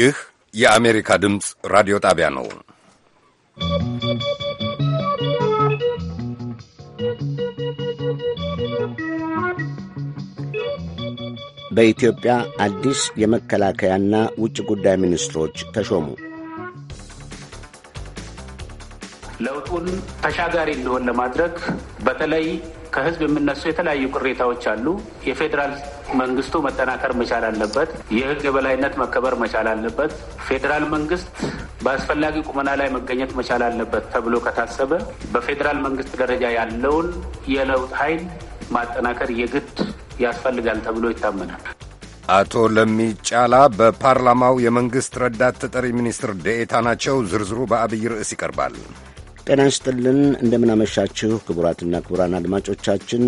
ይህ የአሜሪካ ድምፅ ራዲዮ ጣቢያ ነው። በኢትዮጵያ አዲስ የመከላከያና ውጭ ጉዳይ ሚኒስትሮች ተሾሙ። ለውጡን ተሻጋሪ እንደሆን ለማድረግ በተለይ ከህዝብ የሚነሱ የተለያዩ ቅሬታዎች አሉ። የፌዴራል መንግስቱ መጠናከር መቻል አለበት። የህግ የበላይነት መከበር መቻል አለበት። ፌዴራል መንግስት በአስፈላጊ ቁመና ላይ መገኘት መቻል አለበት ተብሎ ከታሰበ በፌዴራል መንግስት ደረጃ ያለውን የለውጥ ኃይል ማጠናከር የግድ ያስፈልጋል ተብሎ ይታመናል። አቶ ለሚጫላ በፓርላማው የመንግሥት ረዳት ተጠሪ ሚኒስትር ደኤታ ናቸው። ዝርዝሩ በአብይ ርዕስ ይቀርባል። ጤና ይስጥልን እንደምናመሻችሁ ክቡራትና ክቡራን አድማጮቻችን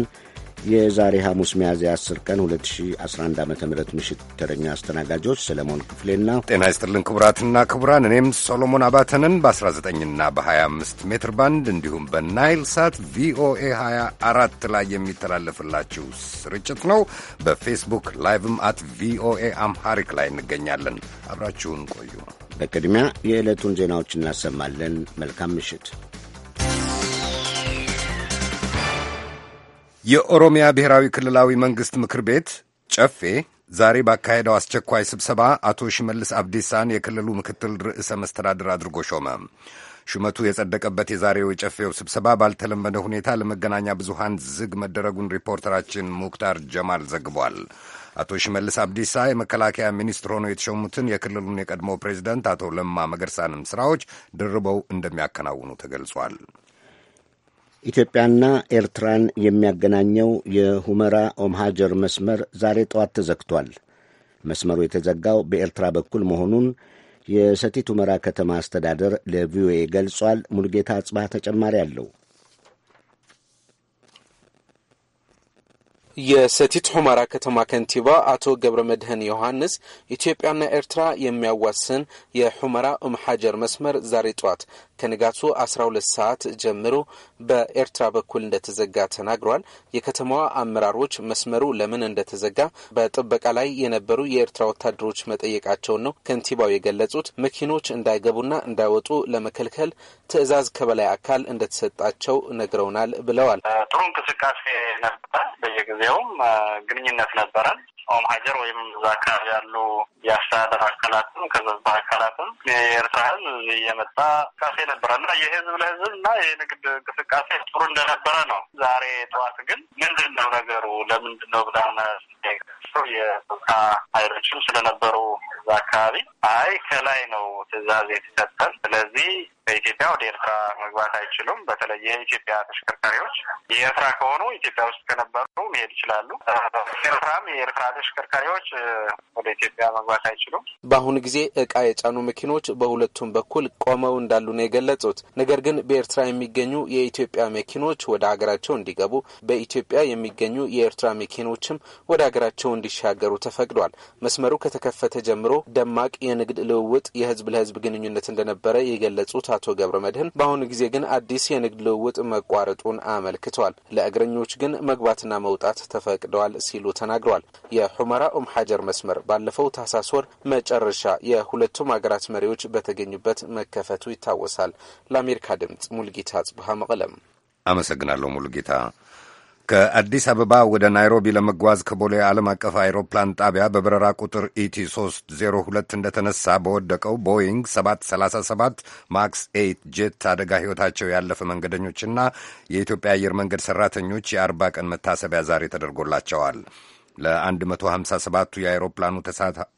የዛሬ ሐሙስ ሚያዝያ 10 ቀን 2011 ዓ ም ምሽት ተረኛ አስተናጋጆች ሰለሞን ክፍሌና ጤና ይስጥልን ክቡራትና ክቡራን እኔም ሶሎሞን አባተንን በ19ና በ25 ሜትር ባንድ እንዲሁም በናይል ሳት ቪኦኤ 24 ላይ የሚተላለፍላችሁ ስርጭት ነው። በፌስቡክ ላይቭም አት ቪኦኤ አምሃሪክ ላይ እንገኛለን። አብራችሁን ቆዩ። በቅድሚያ የዕለቱን ዜናዎች እናሰማለን። መልካም ምሽት። የኦሮሚያ ብሔራዊ ክልላዊ መንግሥት ምክር ቤት ጨፌ ዛሬ ባካሄደው አስቸኳይ ስብሰባ አቶ ሽመልስ አብዲሳን የክልሉ ምክትል ርዕሰ መስተዳድር አድርጎ ሾመ። ሹመቱ የጸደቀበት የዛሬው የጨፌው ስብሰባ ባልተለመደ ሁኔታ ለመገናኛ ብዙሃን ዝግ መደረጉን ሪፖርተራችን ሙክታር ጀማል ዘግቧል። አቶ ሽመልስ አብዲሳ የመከላከያ ሚኒስትር ሆነው የተሾሙትን የክልሉን የቀድሞ ፕሬዚደንት አቶ ለማ መገርሳንም ስራዎች ድርበው እንደሚያከናውኑ ተገልጿል። ኢትዮጵያና ኤርትራን የሚያገናኘው የሁመራ ኦምሃጀር መስመር ዛሬ ጠዋት ተዘግቷል። መስመሩ የተዘጋው በኤርትራ በኩል መሆኑን የሰቲት ሁመራ ከተማ አስተዳደር ለቪኦኤ ገልጿል። ሙልጌታ አጽባህ ተጨማሪ አለው። የሰቲት ሁመራ ከተማ ከንቲባ አቶ ገብረ መድህን ዮሐንስ ኢትዮጵያና ኤርትራ የሚያዋስን የሁመራ እምሓጀር መስመር ዛሬ ጠዋት ከንጋቱ 12 ሰዓት ጀምሮ በኤርትራ በኩል እንደተዘጋ ተናግሯል። የከተማዋ አመራሮች መስመሩ ለምን እንደተዘጋ በጥበቃ ላይ የነበሩ የኤርትራ ወታደሮች መጠየቃቸውን ነው ከንቲባው የገለጹት። መኪኖች እንዳይገቡና እንዳይወጡ ለመከልከል ትዕዛዝ ከበላይ አካል እንደተሰጣቸው ነግረውናል ብለዋል። ጥሩ እንቅስቃሴ ነበረ። በየጊዜውም ግንኙነት ነበረን። ኦም ሀጀር ወይም እዛ አካባቢ ያሉ የአስተዳደር አካላትም ከዘዛ አካላትም የኤርትራ ህዝብ እየመጣ እንቅስቃሴ ነበረ እና የህዝብ ለህዝብ እና የንግድ እንቅስቃሴ ጥሩ እንደነበረ ነው። ዛሬ ጠዋት ግን ምንድን ነው ነገሩ ለምንድን ነው ብላን የሚደግሰው የጸጥታ ኃይሎችም ስለነበሩ እዛ አካባቢ አይ ከላይ ነው ትዕዛዝ የተሰጠን፣ ስለዚህ በኢትዮጵያ ወደ ኤርትራ መግባት አይችሉም። በተለይ የኢትዮጵያ ተሽከርካሪዎች የኤርትራ ከሆኑ ኢትዮጵያ ውስጥ ከነበሩ መሄድ ይችላሉ። ኤርትራም የኤርትራ ተሽከርካሪዎች ወደ ኢትዮጵያ መግባት አይችሉም። በአሁኑ ጊዜ እቃ የጫኑ መኪኖች በሁለቱም በኩል ቆመው እንዳሉ ነው የገለጹት። ነገር ግን በኤርትራ የሚገኙ የኢትዮጵያ መኪኖች ወደ ሀገራቸው እንዲገቡ፣ በኢትዮጵያ የሚገኙ የኤርትራ መኪኖችም ወደ ሀገራቸው እንዲሻገሩ ተፈቅዷል። መስመሩ ከተከፈተ ጀምሮ ደማቅ የንግድ ልውውጥ፣ የህዝብ ለህዝብ ግንኙነት እንደነበረ የገለጹት አቶ ገብረ መድህን በአሁኑ ጊዜ ግን አዲስ የንግድ ልውውጥ መቋረጡን አመልክተዋል። ለእግረኞች ግን መግባትና መውጣት ተፈቅደዋል ሲሉ ተናግረዋል። የሑመራ ኡም ሀጀር መስመር ባለፈው ታህሳስ ወር መጨረሻ የሁለቱም ሀገራት መሪዎች በተገኙበት መከፈቱ ይታወሳል። ለአሜሪካ ድምጽ ሙልጌታ ጽቡሃ መቀለም አመሰግናለሁ ሙልጌታ። ከአዲስ አበባ ወደ ናይሮቢ ለመጓዝ ከቦሌ ዓለም አቀፍ አይሮፕላን ጣቢያ በበረራ ቁጥር ኢቲ 302 እንደተነሳ በወደቀው ቦይንግ 737 ማክስ 8 ጄት አደጋ ሕይወታቸው ያለፈ መንገደኞችና የኢትዮጵያ አየር መንገድ ሠራተኞች የአርባ ቀን መታሰቢያ ዛሬ ተደርጎላቸዋል። ለ157ቱ የአይሮፕላኑ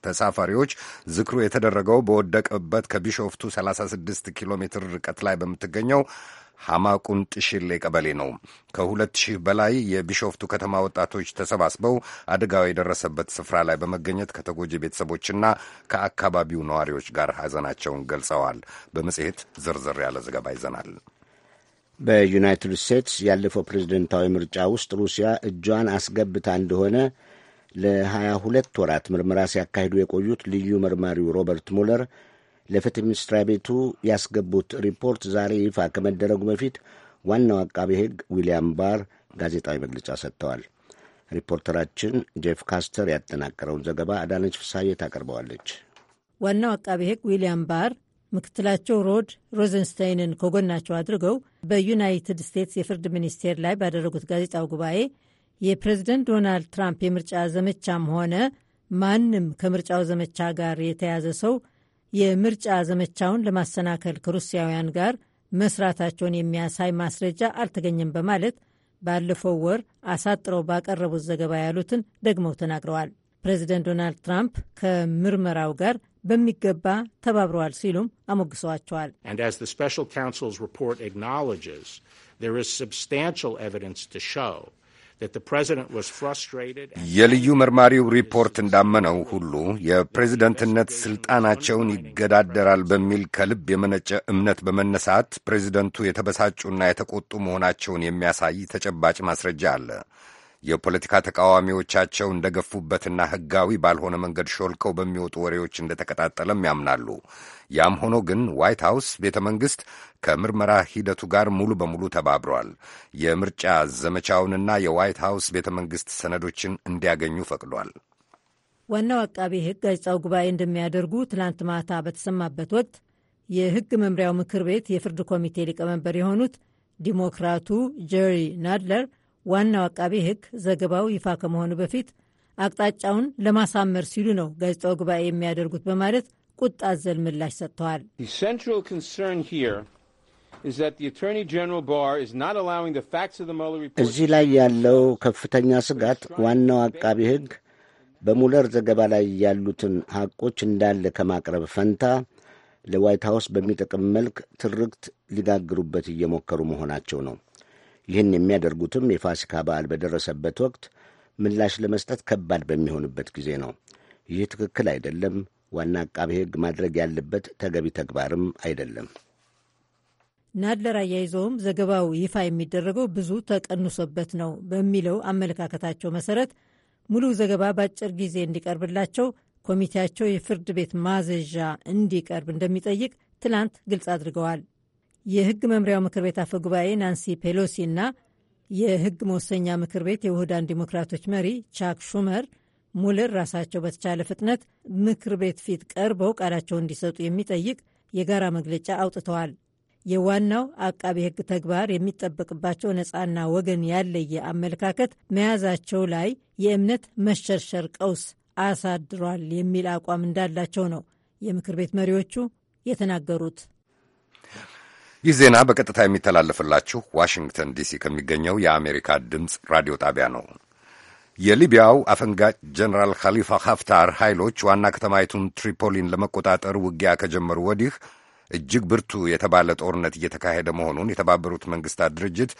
ተሳፋሪዎች ዝክሩ የተደረገው በወደቀበት ከቢሾፍቱ 36 ኪሎ ሜትር ርቀት ላይ በምትገኘው ጥሽሌ ቀበሌ ነው። ከሁለት ሺህ በላይ የቢሾፍቱ ከተማ ወጣቶች ተሰባስበው አደጋው የደረሰበት ስፍራ ላይ በመገኘት ከተጎጂ ቤተሰቦችና ከአካባቢው ነዋሪዎች ጋር ሐዘናቸውን ገልጸዋል። በመጽሔት ዝርዝር ያለ ዘገባ ይዘናል። በዩናይትድ ስቴትስ ያለፈው ፕሬዝደንታዊ ምርጫ ውስጥ ሩሲያ እጇን አስገብታ እንደሆነ ለ ሁለት ወራት ምርመራ ሲያካሂዱ የቆዩት ልዩ መርማሪው ሮበርት ሙለር ለፍትህ ሚኒስትሪያ ቤቱ ያስገቡት ሪፖርት ዛሬ ይፋ ከመደረጉ በፊት ዋናው አቃቤ ሕግ ዊልያም ባር ጋዜጣዊ መግለጫ ሰጥተዋል። ሪፖርተራችን ጄፍ ካስተር ያጠናቀረውን ዘገባ አዳነች ፍሳዬ ታቀርበዋለች። ዋናው አቃቤ ሕግ ዊልያም ባር ምክትላቸው ሮድ ሮዘንስታይንን ከጎናቸው አድርገው በዩናይትድ ስቴትስ የፍርድ ሚኒስቴር ላይ ባደረጉት ጋዜጣዊ ጉባኤ የፕሬዝደንት ዶናልድ ትራምፕ የምርጫ ዘመቻም ሆነ ማንም ከምርጫው ዘመቻ ጋር የተያዘ ሰው የምርጫ ዘመቻውን ለማሰናከል ከሩሲያውያን ጋር መስራታቸውን የሚያሳይ ማስረጃ አልተገኘም በማለት ባለፈው ወር አሳጥረው ባቀረቡት ዘገባ ያሉትን ደግመው ተናግረዋል። ፕሬዚደንት ዶናልድ ትራምፕ ከምርመራው ጋር በሚገባ ተባብረዋል ሲሉም አሞግሰዋቸዋል። የልዩ መርማሪው ሪፖርት እንዳመነው ሁሉ የፕሬዝደንትነት ሥልጣናቸውን ይገዳደራል በሚል ከልብ የመነጨ እምነት በመነሳት ፕሬዝደንቱ የተበሳጩና የተቆጡ መሆናቸውን የሚያሳይ ተጨባጭ ማስረጃ አለ። የፖለቲካ ተቃዋሚዎቻቸው እንደገፉበትና ሕጋዊ ባልሆነ መንገድ ሾልከው በሚወጡ ወሬዎች እንደተቀጣጠለም ያምናሉ። ያም ሆኖ ግን ዋይት ሃውስ ቤተ መንግሥት ከምርመራ ሂደቱ ጋር ሙሉ በሙሉ ተባብሯል። የምርጫ ዘመቻውንና የዋይት ሀውስ ቤተ መንግሥት ሰነዶችን እንዲያገኙ ፈቅዷል። ዋናው አቃቤ ሕግ ጋዜጣው ጉባኤ እንደሚያደርጉ ትላንት ማታ በተሰማበት ወቅት የሕግ መምሪያው ምክር ቤት የፍርድ ኮሚቴ ሊቀመንበር የሆኑት ዲሞክራቱ ጀሪ ናድለር ዋናው አቃቤ ሕግ ዘገባው ይፋ ከመሆኑ በፊት አቅጣጫውን ለማሳመር ሲሉ ነው ጋዜጣው ጉባኤ የሚያደርጉት በማለት ቁጣ አዘል ምላሽ ሰጥተዋል። እዚህ ላይ ያለው ከፍተኛ ስጋት ዋናው አቃቢ ሕግ በሙለር ዘገባ ላይ ያሉትን ሐቆች እንዳለ ከማቅረብ ፈንታ ለዋይት ሐውስ በሚጠቅም መልክ ትርክት ሊጋግሩበት እየሞከሩ መሆናቸው ነው። ይህን የሚያደርጉትም የፋሲካ በዓል በደረሰበት ወቅት ምላሽ ለመስጠት ከባድ በሚሆንበት ጊዜ ነው። ይህ ትክክል አይደለም። ዋና አቃቤ ሕግ ማድረግ ያለበት ተገቢ ተግባርም አይደለም። ናድለር አያይዘውም ዘገባው ይፋ የሚደረገው ብዙ ተቀንሶበት ነው በሚለው አመለካከታቸው መሰረት ሙሉ ዘገባ በአጭር ጊዜ እንዲቀርብላቸው ኮሚቴያቸው የፍርድ ቤት ማዘዣ እንዲቀርብ እንደሚጠይቅ ትላንት ግልጽ አድርገዋል። የህግ መምሪያው ምክር ቤት አፈ ጉባኤ ናንሲ ፔሎሲ እና የህግ መወሰኛ ምክር ቤት የውህዳን ዲሞክራቶች መሪ ቻክ ሹመር ሙለር ራሳቸው በተቻለ ፍጥነት ምክር ቤት ፊት ቀርበው ቃላቸው እንዲሰጡ የሚጠይቅ የጋራ መግለጫ አውጥተዋል። የዋናው አቃቢ ሕግ ተግባር የሚጠበቅባቸው ነፃና ወገን ያለየ አመለካከት መያዛቸው ላይ የእምነት መሸርሸር ቀውስ አሳድሯል የሚል አቋም እንዳላቸው ነው የምክር ቤት መሪዎቹ የተናገሩት። ይህ ዜና በቀጥታ የሚተላለፍላችሁ ዋሽንግተን ዲሲ ከሚገኘው የአሜሪካ ድምፅ ራዲዮ ጣቢያ ነው። የሊቢያው አፈንጋጭ ጀኔራል ኻሊፋ ሀፍታር ኃይሎች ዋና ከተማይቱን ትሪፖሊን ለመቆጣጠር ውጊያ ከጀመሩ ወዲህ እጅግ ብርቱ የተባለ ጦርነት እየተካሄደ መሆኑን የተባበሩት መንግሥታት ድርጅት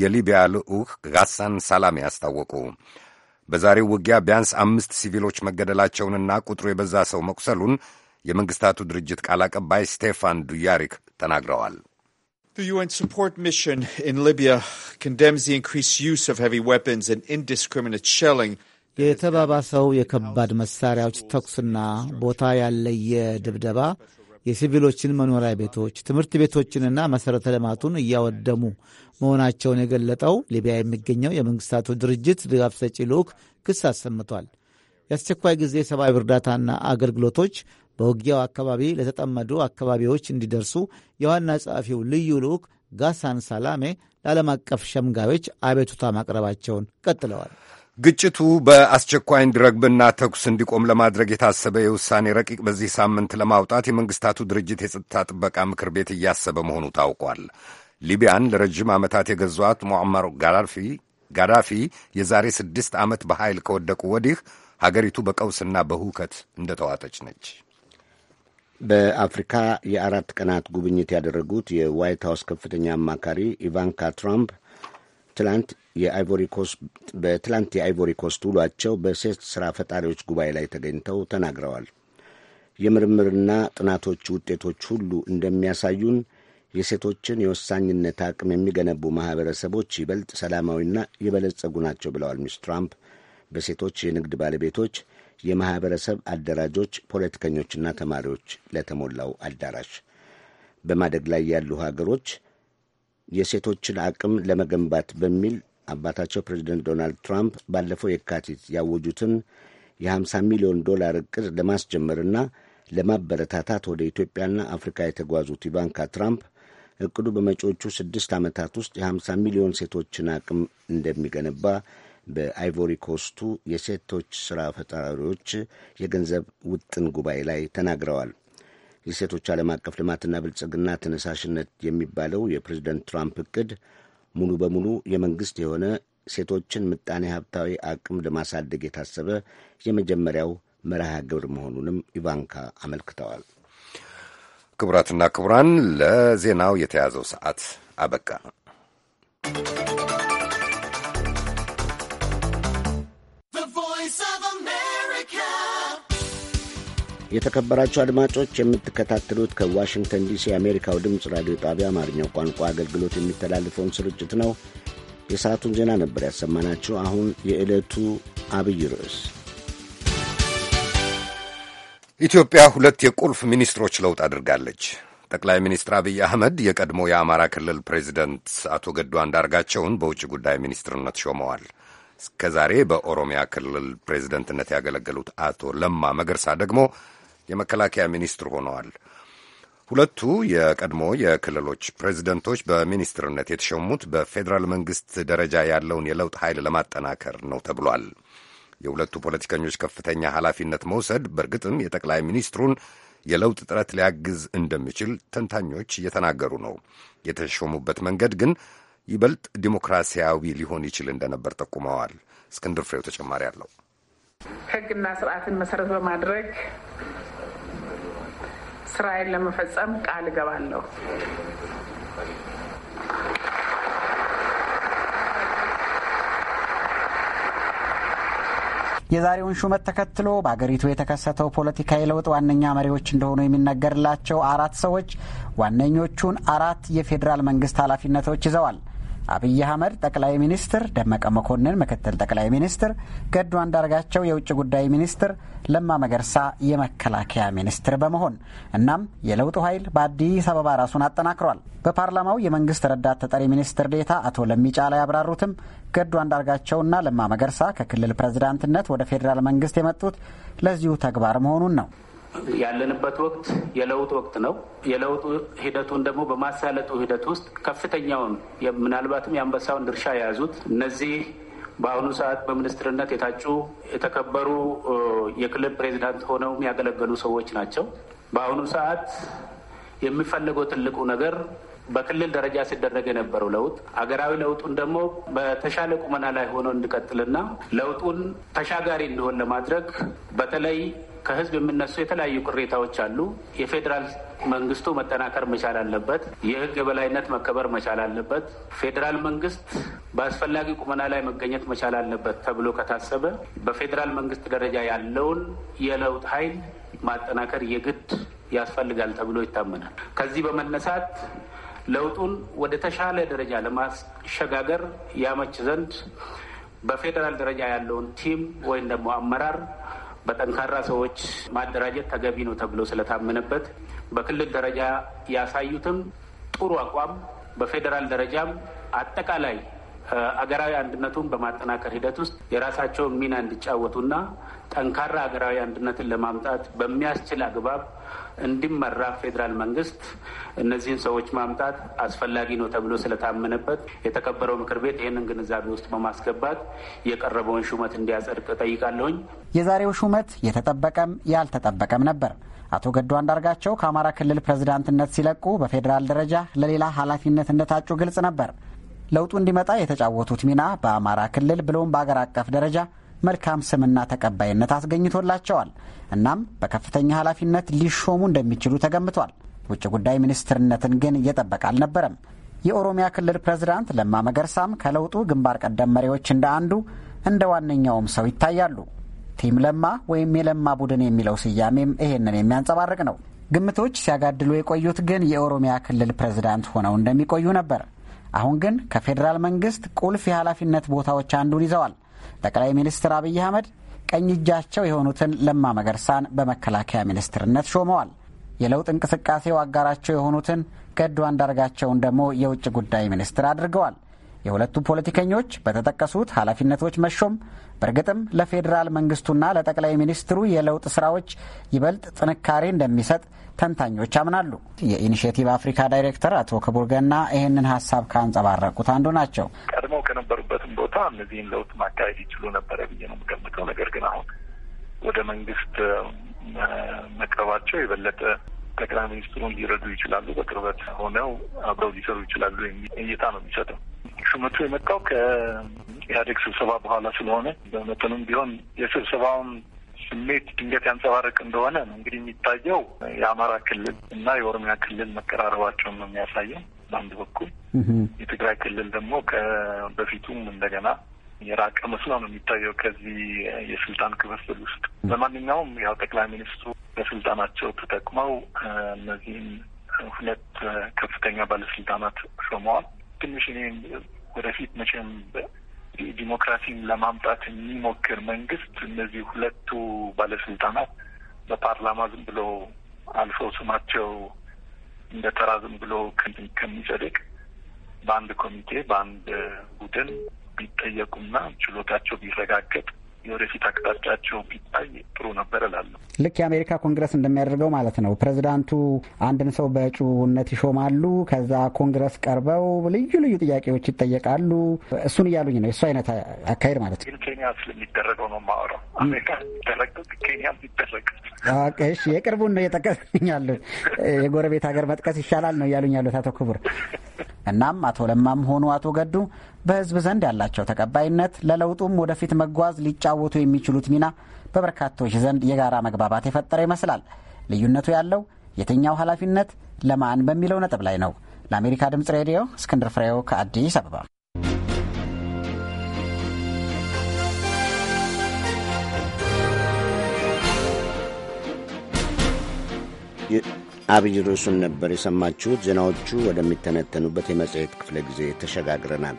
የሊቢያ ልዑክ ጋሳን ሳላሜ አስታወቁ። በዛሬው ውጊያ ቢያንስ አምስት ሲቪሎች መገደላቸውንና ቁጥሩ የበዛ ሰው መቁሰሉን የመንግሥታቱ ድርጅት ቃል አቀባይ ስቴፋን ዱያሪክ ተናግረዋል። የተባባሰው የከባድ መሳሪያዎች ተኩስና ቦታ ያለየ ድብደባ የሲቪሎችን መኖሪያ ቤቶች፣ ትምህርት ቤቶችንና መሠረተ ልማቱን እያወደሙ መሆናቸውን የገለጠው ሊቢያ የሚገኘው የመንግሥታቱ ድርጅት ድጋፍ ሰጪ ልዑክ ክስ አሰምቷል። የአስቸኳይ ጊዜ ሰብአዊ እርዳታና አገልግሎቶች በውጊያው አካባቢ ለተጠመዱ አካባቢዎች እንዲደርሱ የዋና ጸሐፊው ልዩ ልዑክ ጋሳን ሳላሜ ለዓለም አቀፍ ሸምጋዮች አቤቱታ ማቅረባቸውን ቀጥለዋል። ግጭቱ በአስቸኳይ እንዲረግብና ተኩስ እንዲቆም ለማድረግ የታሰበ የውሳኔ ረቂቅ በዚህ ሳምንት ለማውጣት የመንግስታቱ ድርጅት የጸጥታ ጥበቃ ምክር ቤት እያሰበ መሆኑ ታውቋል። ሊቢያን ለረጅም ዓመታት የገዟት ሙዓመር ጋዳፊ የዛሬ ስድስት ዓመት በኃይል ከወደቁ ወዲህ ሀገሪቱ በቀውስና በሁከት እንደተዋጠች ነች። በአፍሪካ የአራት ቀናት ጉብኝት ያደረጉት የዋይት ሀውስ ከፍተኛ አማካሪ ኢቫንካ ትራምፕ በትላንት የአይቮሪ ኮስት ውሏቸው በሴት ሥራ ፈጣሪዎች ጉባኤ ላይ ተገኝተው ተናግረዋል። የምርምርና ጥናቶች ውጤቶች ሁሉ እንደሚያሳዩን የሴቶችን የወሳኝነት አቅም የሚገነቡ ማኅበረሰቦች ይበልጥ ሰላማዊና የበለጸጉ ናቸው ብለዋል ሚስ ትራምፕ። በሴቶች የንግድ ባለቤቶች፣ የማኅበረሰብ አደራጆች፣ ፖለቲከኞችና ተማሪዎች ለተሞላው አዳራሽ በማደግ ላይ ያሉ ሀገሮች የሴቶችን አቅም ለመገንባት በሚል አባታቸው ፕሬዚደንት ዶናልድ ትራምፕ ባለፈው የካቲት ያወጁትን የ50 ሚሊዮን ዶላር እቅድ ለማስጀመርና ለማበረታታት ወደ ኢትዮጵያና አፍሪካ የተጓዙት ኢቫንካ ትራምፕ እቅዱ በመጪዎቹ ስድስት ዓመታት ውስጥ የ50 ሚሊዮን ሴቶችን አቅም እንደሚገነባ በአይቮሪ ኮስቱ የሴቶች ሥራ ፈጣሪዎች የገንዘብ ውጥን ጉባኤ ላይ ተናግረዋል። የሴቶች ዓለም አቀፍ ልማትና ብልጽግና ተነሳሽነት የሚባለው የፕሬዝደንት ትራምፕ እቅድ ሙሉ በሙሉ የመንግሥት የሆነ ሴቶችን ምጣኔ ሀብታዊ አቅም ለማሳደግ የታሰበ የመጀመሪያው መርሃ ግብር መሆኑንም ኢቫንካ አመልክተዋል። ክቡራትና ክቡራን፣ ለዜናው የተያዘው ሰዓት አበቃ። የተከበራቸው አድማጮች የምትከታተሉት ከዋሽንግተን ዲሲ የአሜሪካው ድምፅ ራዲዮ ጣቢያ አማርኛው ቋንቋ አገልግሎት የሚተላለፈውን ስርጭት ነው። የሰዓቱን ዜና ነበር ያሰማናችሁ። አሁን የዕለቱ አብይ ርዕስ ኢትዮጵያ ሁለት የቁልፍ ሚኒስትሮች ለውጥ አድርጋለች። ጠቅላይ ሚኒስትር አብይ አህመድ የቀድሞ የአማራ ክልል ፕሬዚደንት አቶ ገዱ አንዳርጋቸውን በውጭ ጉዳይ ሚኒስትርነት ሾመዋል። እስከ ዛሬ በኦሮሚያ ክልል ፕሬዚደንትነት ያገለገሉት አቶ ለማ መገርሳ ደግሞ የመከላከያ ሚኒስትር ሆነዋል። ሁለቱ የቀድሞ የክልሎች ፕሬዚደንቶች በሚኒስትርነት የተሾሙት በፌዴራል መንግስት ደረጃ ያለውን የለውጥ ኃይል ለማጠናከር ነው ተብሏል። የሁለቱ ፖለቲከኞች ከፍተኛ ኃላፊነት መውሰድ በእርግጥም የጠቅላይ ሚኒስትሩን የለውጥ ጥረት ሊያግዝ እንደሚችል ተንታኞች እየተናገሩ ነው። የተሾሙበት መንገድ ግን ይበልጥ ዲሞክራሲያዊ ሊሆን ይችል እንደነበር ጠቁመዋል። እስክንድር ፍሬው ተጨማሪ አለው። ህግና ስርዓትን መሰረት በማድረግ ስራዬን ለመፈጸም ቃል እገባለሁ። የዛሬውን ሹመት ተከትሎ በአገሪቱ የተከሰተው ፖለቲካዊ ለውጥ ዋነኛ መሪዎች እንደሆኑ የሚነገርላቸው አራት ሰዎች ዋነኞቹን አራት የፌዴራል መንግስት ኃላፊነቶች ይዘዋል። አብይ አህመድ ጠቅላይ ሚኒስትር፣ ደመቀ መኮንን ምክትል ጠቅላይ ሚኒስትር፣ ገዱ አንዳርጋቸው የውጭ ጉዳይ ሚኒስትር፣ ለማ መገርሳ የመከላከያ ሚኒስትር በመሆን እናም የለውጡ ኃይል በአዲስ አበባ ራሱን አጠናክሯል። በፓርላማው የመንግስት ረዳት ተጠሪ ሚኒስትር ዴታ አቶ ለሚጫላ ያብራሩትም ገዱ አንዳርጋቸውና ለማ መገርሳ ከክልል ፕሬዝዳንትነት ወደ ፌዴራል መንግስት የመጡት ለዚሁ ተግባር መሆኑን ነው። ያለንበት ወቅት የለውጥ ወቅት ነው። የለውጥ ሂደቱን ደግሞ በማሳለጡ ሂደት ውስጥ ከፍተኛውን ምናልባትም የአንበሳውን ድርሻ የያዙት እነዚህ በአሁኑ ሰዓት በሚኒስትርነት የታጩ የተከበሩ የክልል ፕሬዚዳንት ሆነው ያገለገሉ ሰዎች ናቸው። በአሁኑ ሰዓት የሚፈለገው ትልቁ ነገር በክልል ደረጃ ሲደረግ የነበረው ለውጥ አገራዊ ለውጡን ደግሞ በተሻለ ቁመና ላይ ሆኖ እንዲቀጥልና ለውጡን ተሻጋሪ እንዲሆን ለማድረግ በተለይ ከህዝብ የሚነሱ የተለያዩ ቅሬታዎች አሉ። የፌዴራል መንግስቱ መጠናከር መቻል አለበት። የህግ የበላይነት መከበር መቻል አለበት። ፌዴራል መንግስት በአስፈላጊ ቁመና ላይ መገኘት መቻል አለበት ተብሎ ከታሰበ በፌዴራል መንግስት ደረጃ ያለውን የለውጥ ኃይል ማጠናከር የግድ ያስፈልጋል ተብሎ ይታመናል። ከዚህ በመነሳት ለውጡን ወደ ተሻለ ደረጃ ለማሸጋገር ያመች ዘንድ በፌዴራል ደረጃ ያለውን ቲም ወይም ደግሞ አመራር በጠንካራ ሰዎች ማደራጀት ተገቢ ነው ተብሎ ስለታመነበት በክልል ደረጃ ያሳዩትም ጥሩ አቋም በፌዴራል ደረጃም አጠቃላይ አገራዊ አንድነቱን በማጠናከር ሂደት ውስጥ የራሳቸውን ሚና እንዲጫወቱና ጠንካራ አገራዊ አንድነትን ለማምጣት በሚያስችል አግባብ እንዲመራ ፌዴራል መንግስት እነዚህን ሰዎች ማምጣት አስፈላጊ ነው ተብሎ ስለታመነበት የተከበረው ምክር ቤት ይህንን ግንዛቤ ውስጥ በማስገባት የቀረበውን ሹመት እንዲያጸድቅ ጠይቃለሁኝ። የዛሬው ሹመት የተጠበቀም ያልተጠበቀም ነበር። አቶ ገዱ አንዳርጋቸው ከአማራ ክልል ፕሬዝዳንትነት ሲለቁ በፌዴራል ደረጃ ለሌላ ኃላፊነት እንደታጩ ግልጽ ነበር። ለውጡ እንዲመጣ የተጫወቱት ሚና በአማራ ክልል ብሎም በአገር አቀፍ ደረጃ መልካም ስምና ተቀባይነት አስገኝቶላቸዋል። እናም በከፍተኛ ኃላፊነት ሊሾሙ እንደሚችሉ ተገምቷል። ውጭ ጉዳይ ሚኒስትርነትን ግን እየጠበቀ አልነበረም። የኦሮሚያ ክልል ፕሬዝዳንት ለማ መገርሳም ከለውጡ ግንባር ቀደም መሪዎች እንደ አንዱ እንደ ዋነኛውም ሰው ይታያሉ። ቲም ለማ ወይም የለማ ቡድን የሚለው ስያሜም ይሄንን የሚያንጸባርቅ ነው። ግምቶች ሲያጋድሉ የቆዩት ግን የኦሮሚያ ክልል ፕሬዝዳንት ሆነው እንደሚቆዩ ነበር። አሁን ግን ከፌዴራል መንግስት ቁልፍ የኃላፊነት ቦታዎች አንዱን ይዘዋል። ጠቅላይ ሚኒስትር አብይ አህመድ ቀኝ እጃቸው የሆኑትን ለማ መገርሳን በመከላከያ ሚኒስትርነት ሾመዋል። የለውጥ እንቅስቃሴው አጋራቸው የሆኑትን ገዱ አንዳርጋቸውን ደግሞ የውጭ ጉዳይ ሚኒስትር አድርገዋል። የሁለቱ ፖለቲከኞች በተጠቀሱት ኃላፊነቶች መሾም በእርግጥም ለፌዴራል መንግስቱና ለጠቅላይ ሚኒስትሩ የለውጥ ስራዎች ይበልጥ ጥንካሬ እንደሚሰጥ ተንታኞች ያምናሉ። የኢኒሽቲቭ አፍሪካ ዳይሬክተር አቶ ክቡር ገና ይህንን ሀሳብ ካንጸባረቁት አንዱ ናቸው። ቀድመው ከነበሩበትም ቦታ እነዚህን ለውጥ ማካሄድ ይችሉ ነበረ ብዬ ነው የምገምተው። ነገር ግን አሁን ወደ መንግስት መቅረባቸው የበለጠ ጠቅላይ ሚኒስትሩን ሊረዱ ይችላሉ፣ በቅርበት ሆነው አብረው ሊሰሩ ይችላሉ የሚል እይታ ነው የሚሰጠው። ሹመቱ የመጣው ከኢህአዴግ ስብሰባ በኋላ ስለሆነ በመጠኑም ቢሆን የስብሰባውን ስሜት ድንገት ያንጸባረቅ እንደሆነ ነው እንግዲህ የሚታየው። የአማራ ክልል እና የኦሮሚያ ክልል መቀራረባቸውን ነው የሚያሳየው በአንድ በኩል፣ የትግራይ ክልል ደግሞ ከበፊቱም እንደገና የራቀ መስሎ ነው የሚታየው ከዚህ የስልጣን ክፍፍል ውስጥ። ለማንኛውም ያው ጠቅላይ ሚኒስትሩ በስልጣናቸው ተጠቅመው እነዚህም ሁለት ከፍተኛ ባለስልጣናት ሾመዋል። ትንሽ እኔም ወደፊት መቼም ዲሞክራሲን ለማምጣት የሚሞክር መንግስት እነዚህ ሁለቱ ባለስልጣናት በፓርላማ ዝም ብሎ አልፈው ስማቸው እንደ ተራ ዝም ብሎ ከሚጸድቅ በአንድ ኮሚቴ በአንድ ቡድን ቢጠየቁና ችሎታቸው ቢረጋገጥ የወደፊት አቅጣጫቸው ቢታይ ጥሩ ነበር እላለሁ። ልክ የአሜሪካ ኮንግረስ እንደሚያደርገው ማለት ነው። ፕሬዚዳንቱ አንድን ሰው በእጩነት ይሾማሉ። ከዛ ኮንግረስ ቀርበው ልዩ ልዩ ጥያቄዎች ይጠየቃሉ። እሱን እያሉኝ ነው። የእሱ አይነት አካሄድ ማለት ነው። ኬንያ ስለሚደረገው ነው የማወራው። አሜሪካ የሚደረግ ኬንያ የሚደረግ እሺ፣ የቅርቡን ነው እየጠቀስኛሉ። የጎረቤት ሀገር መጥቀስ ይሻላል ነው እያሉኝ ያሉት አቶ ክቡር። እናም አቶ ለማም ሆኑ አቶ ገዱ በህዝብ ዘንድ ያላቸው ተቀባይነት፣ ለለውጡም ወደፊት መጓዝ ሊጫወቱ የሚችሉት ሚና በበርካቶች ዘንድ የጋራ መግባባት የፈጠረ ይመስላል። ልዩነቱ ያለው የትኛው ኃላፊነት ለማን በሚለው ነጥብ ላይ ነው። ለአሜሪካ ድምፅ ሬዲዮ እስክንድር ፍሬው ከአዲስ አበባ። አብይ ርዕሱን ነበር የሰማችሁት። ዜናዎቹ ወደሚተነተኑበት የመጽሔት ክፍለ ጊዜ ተሸጋግረናል።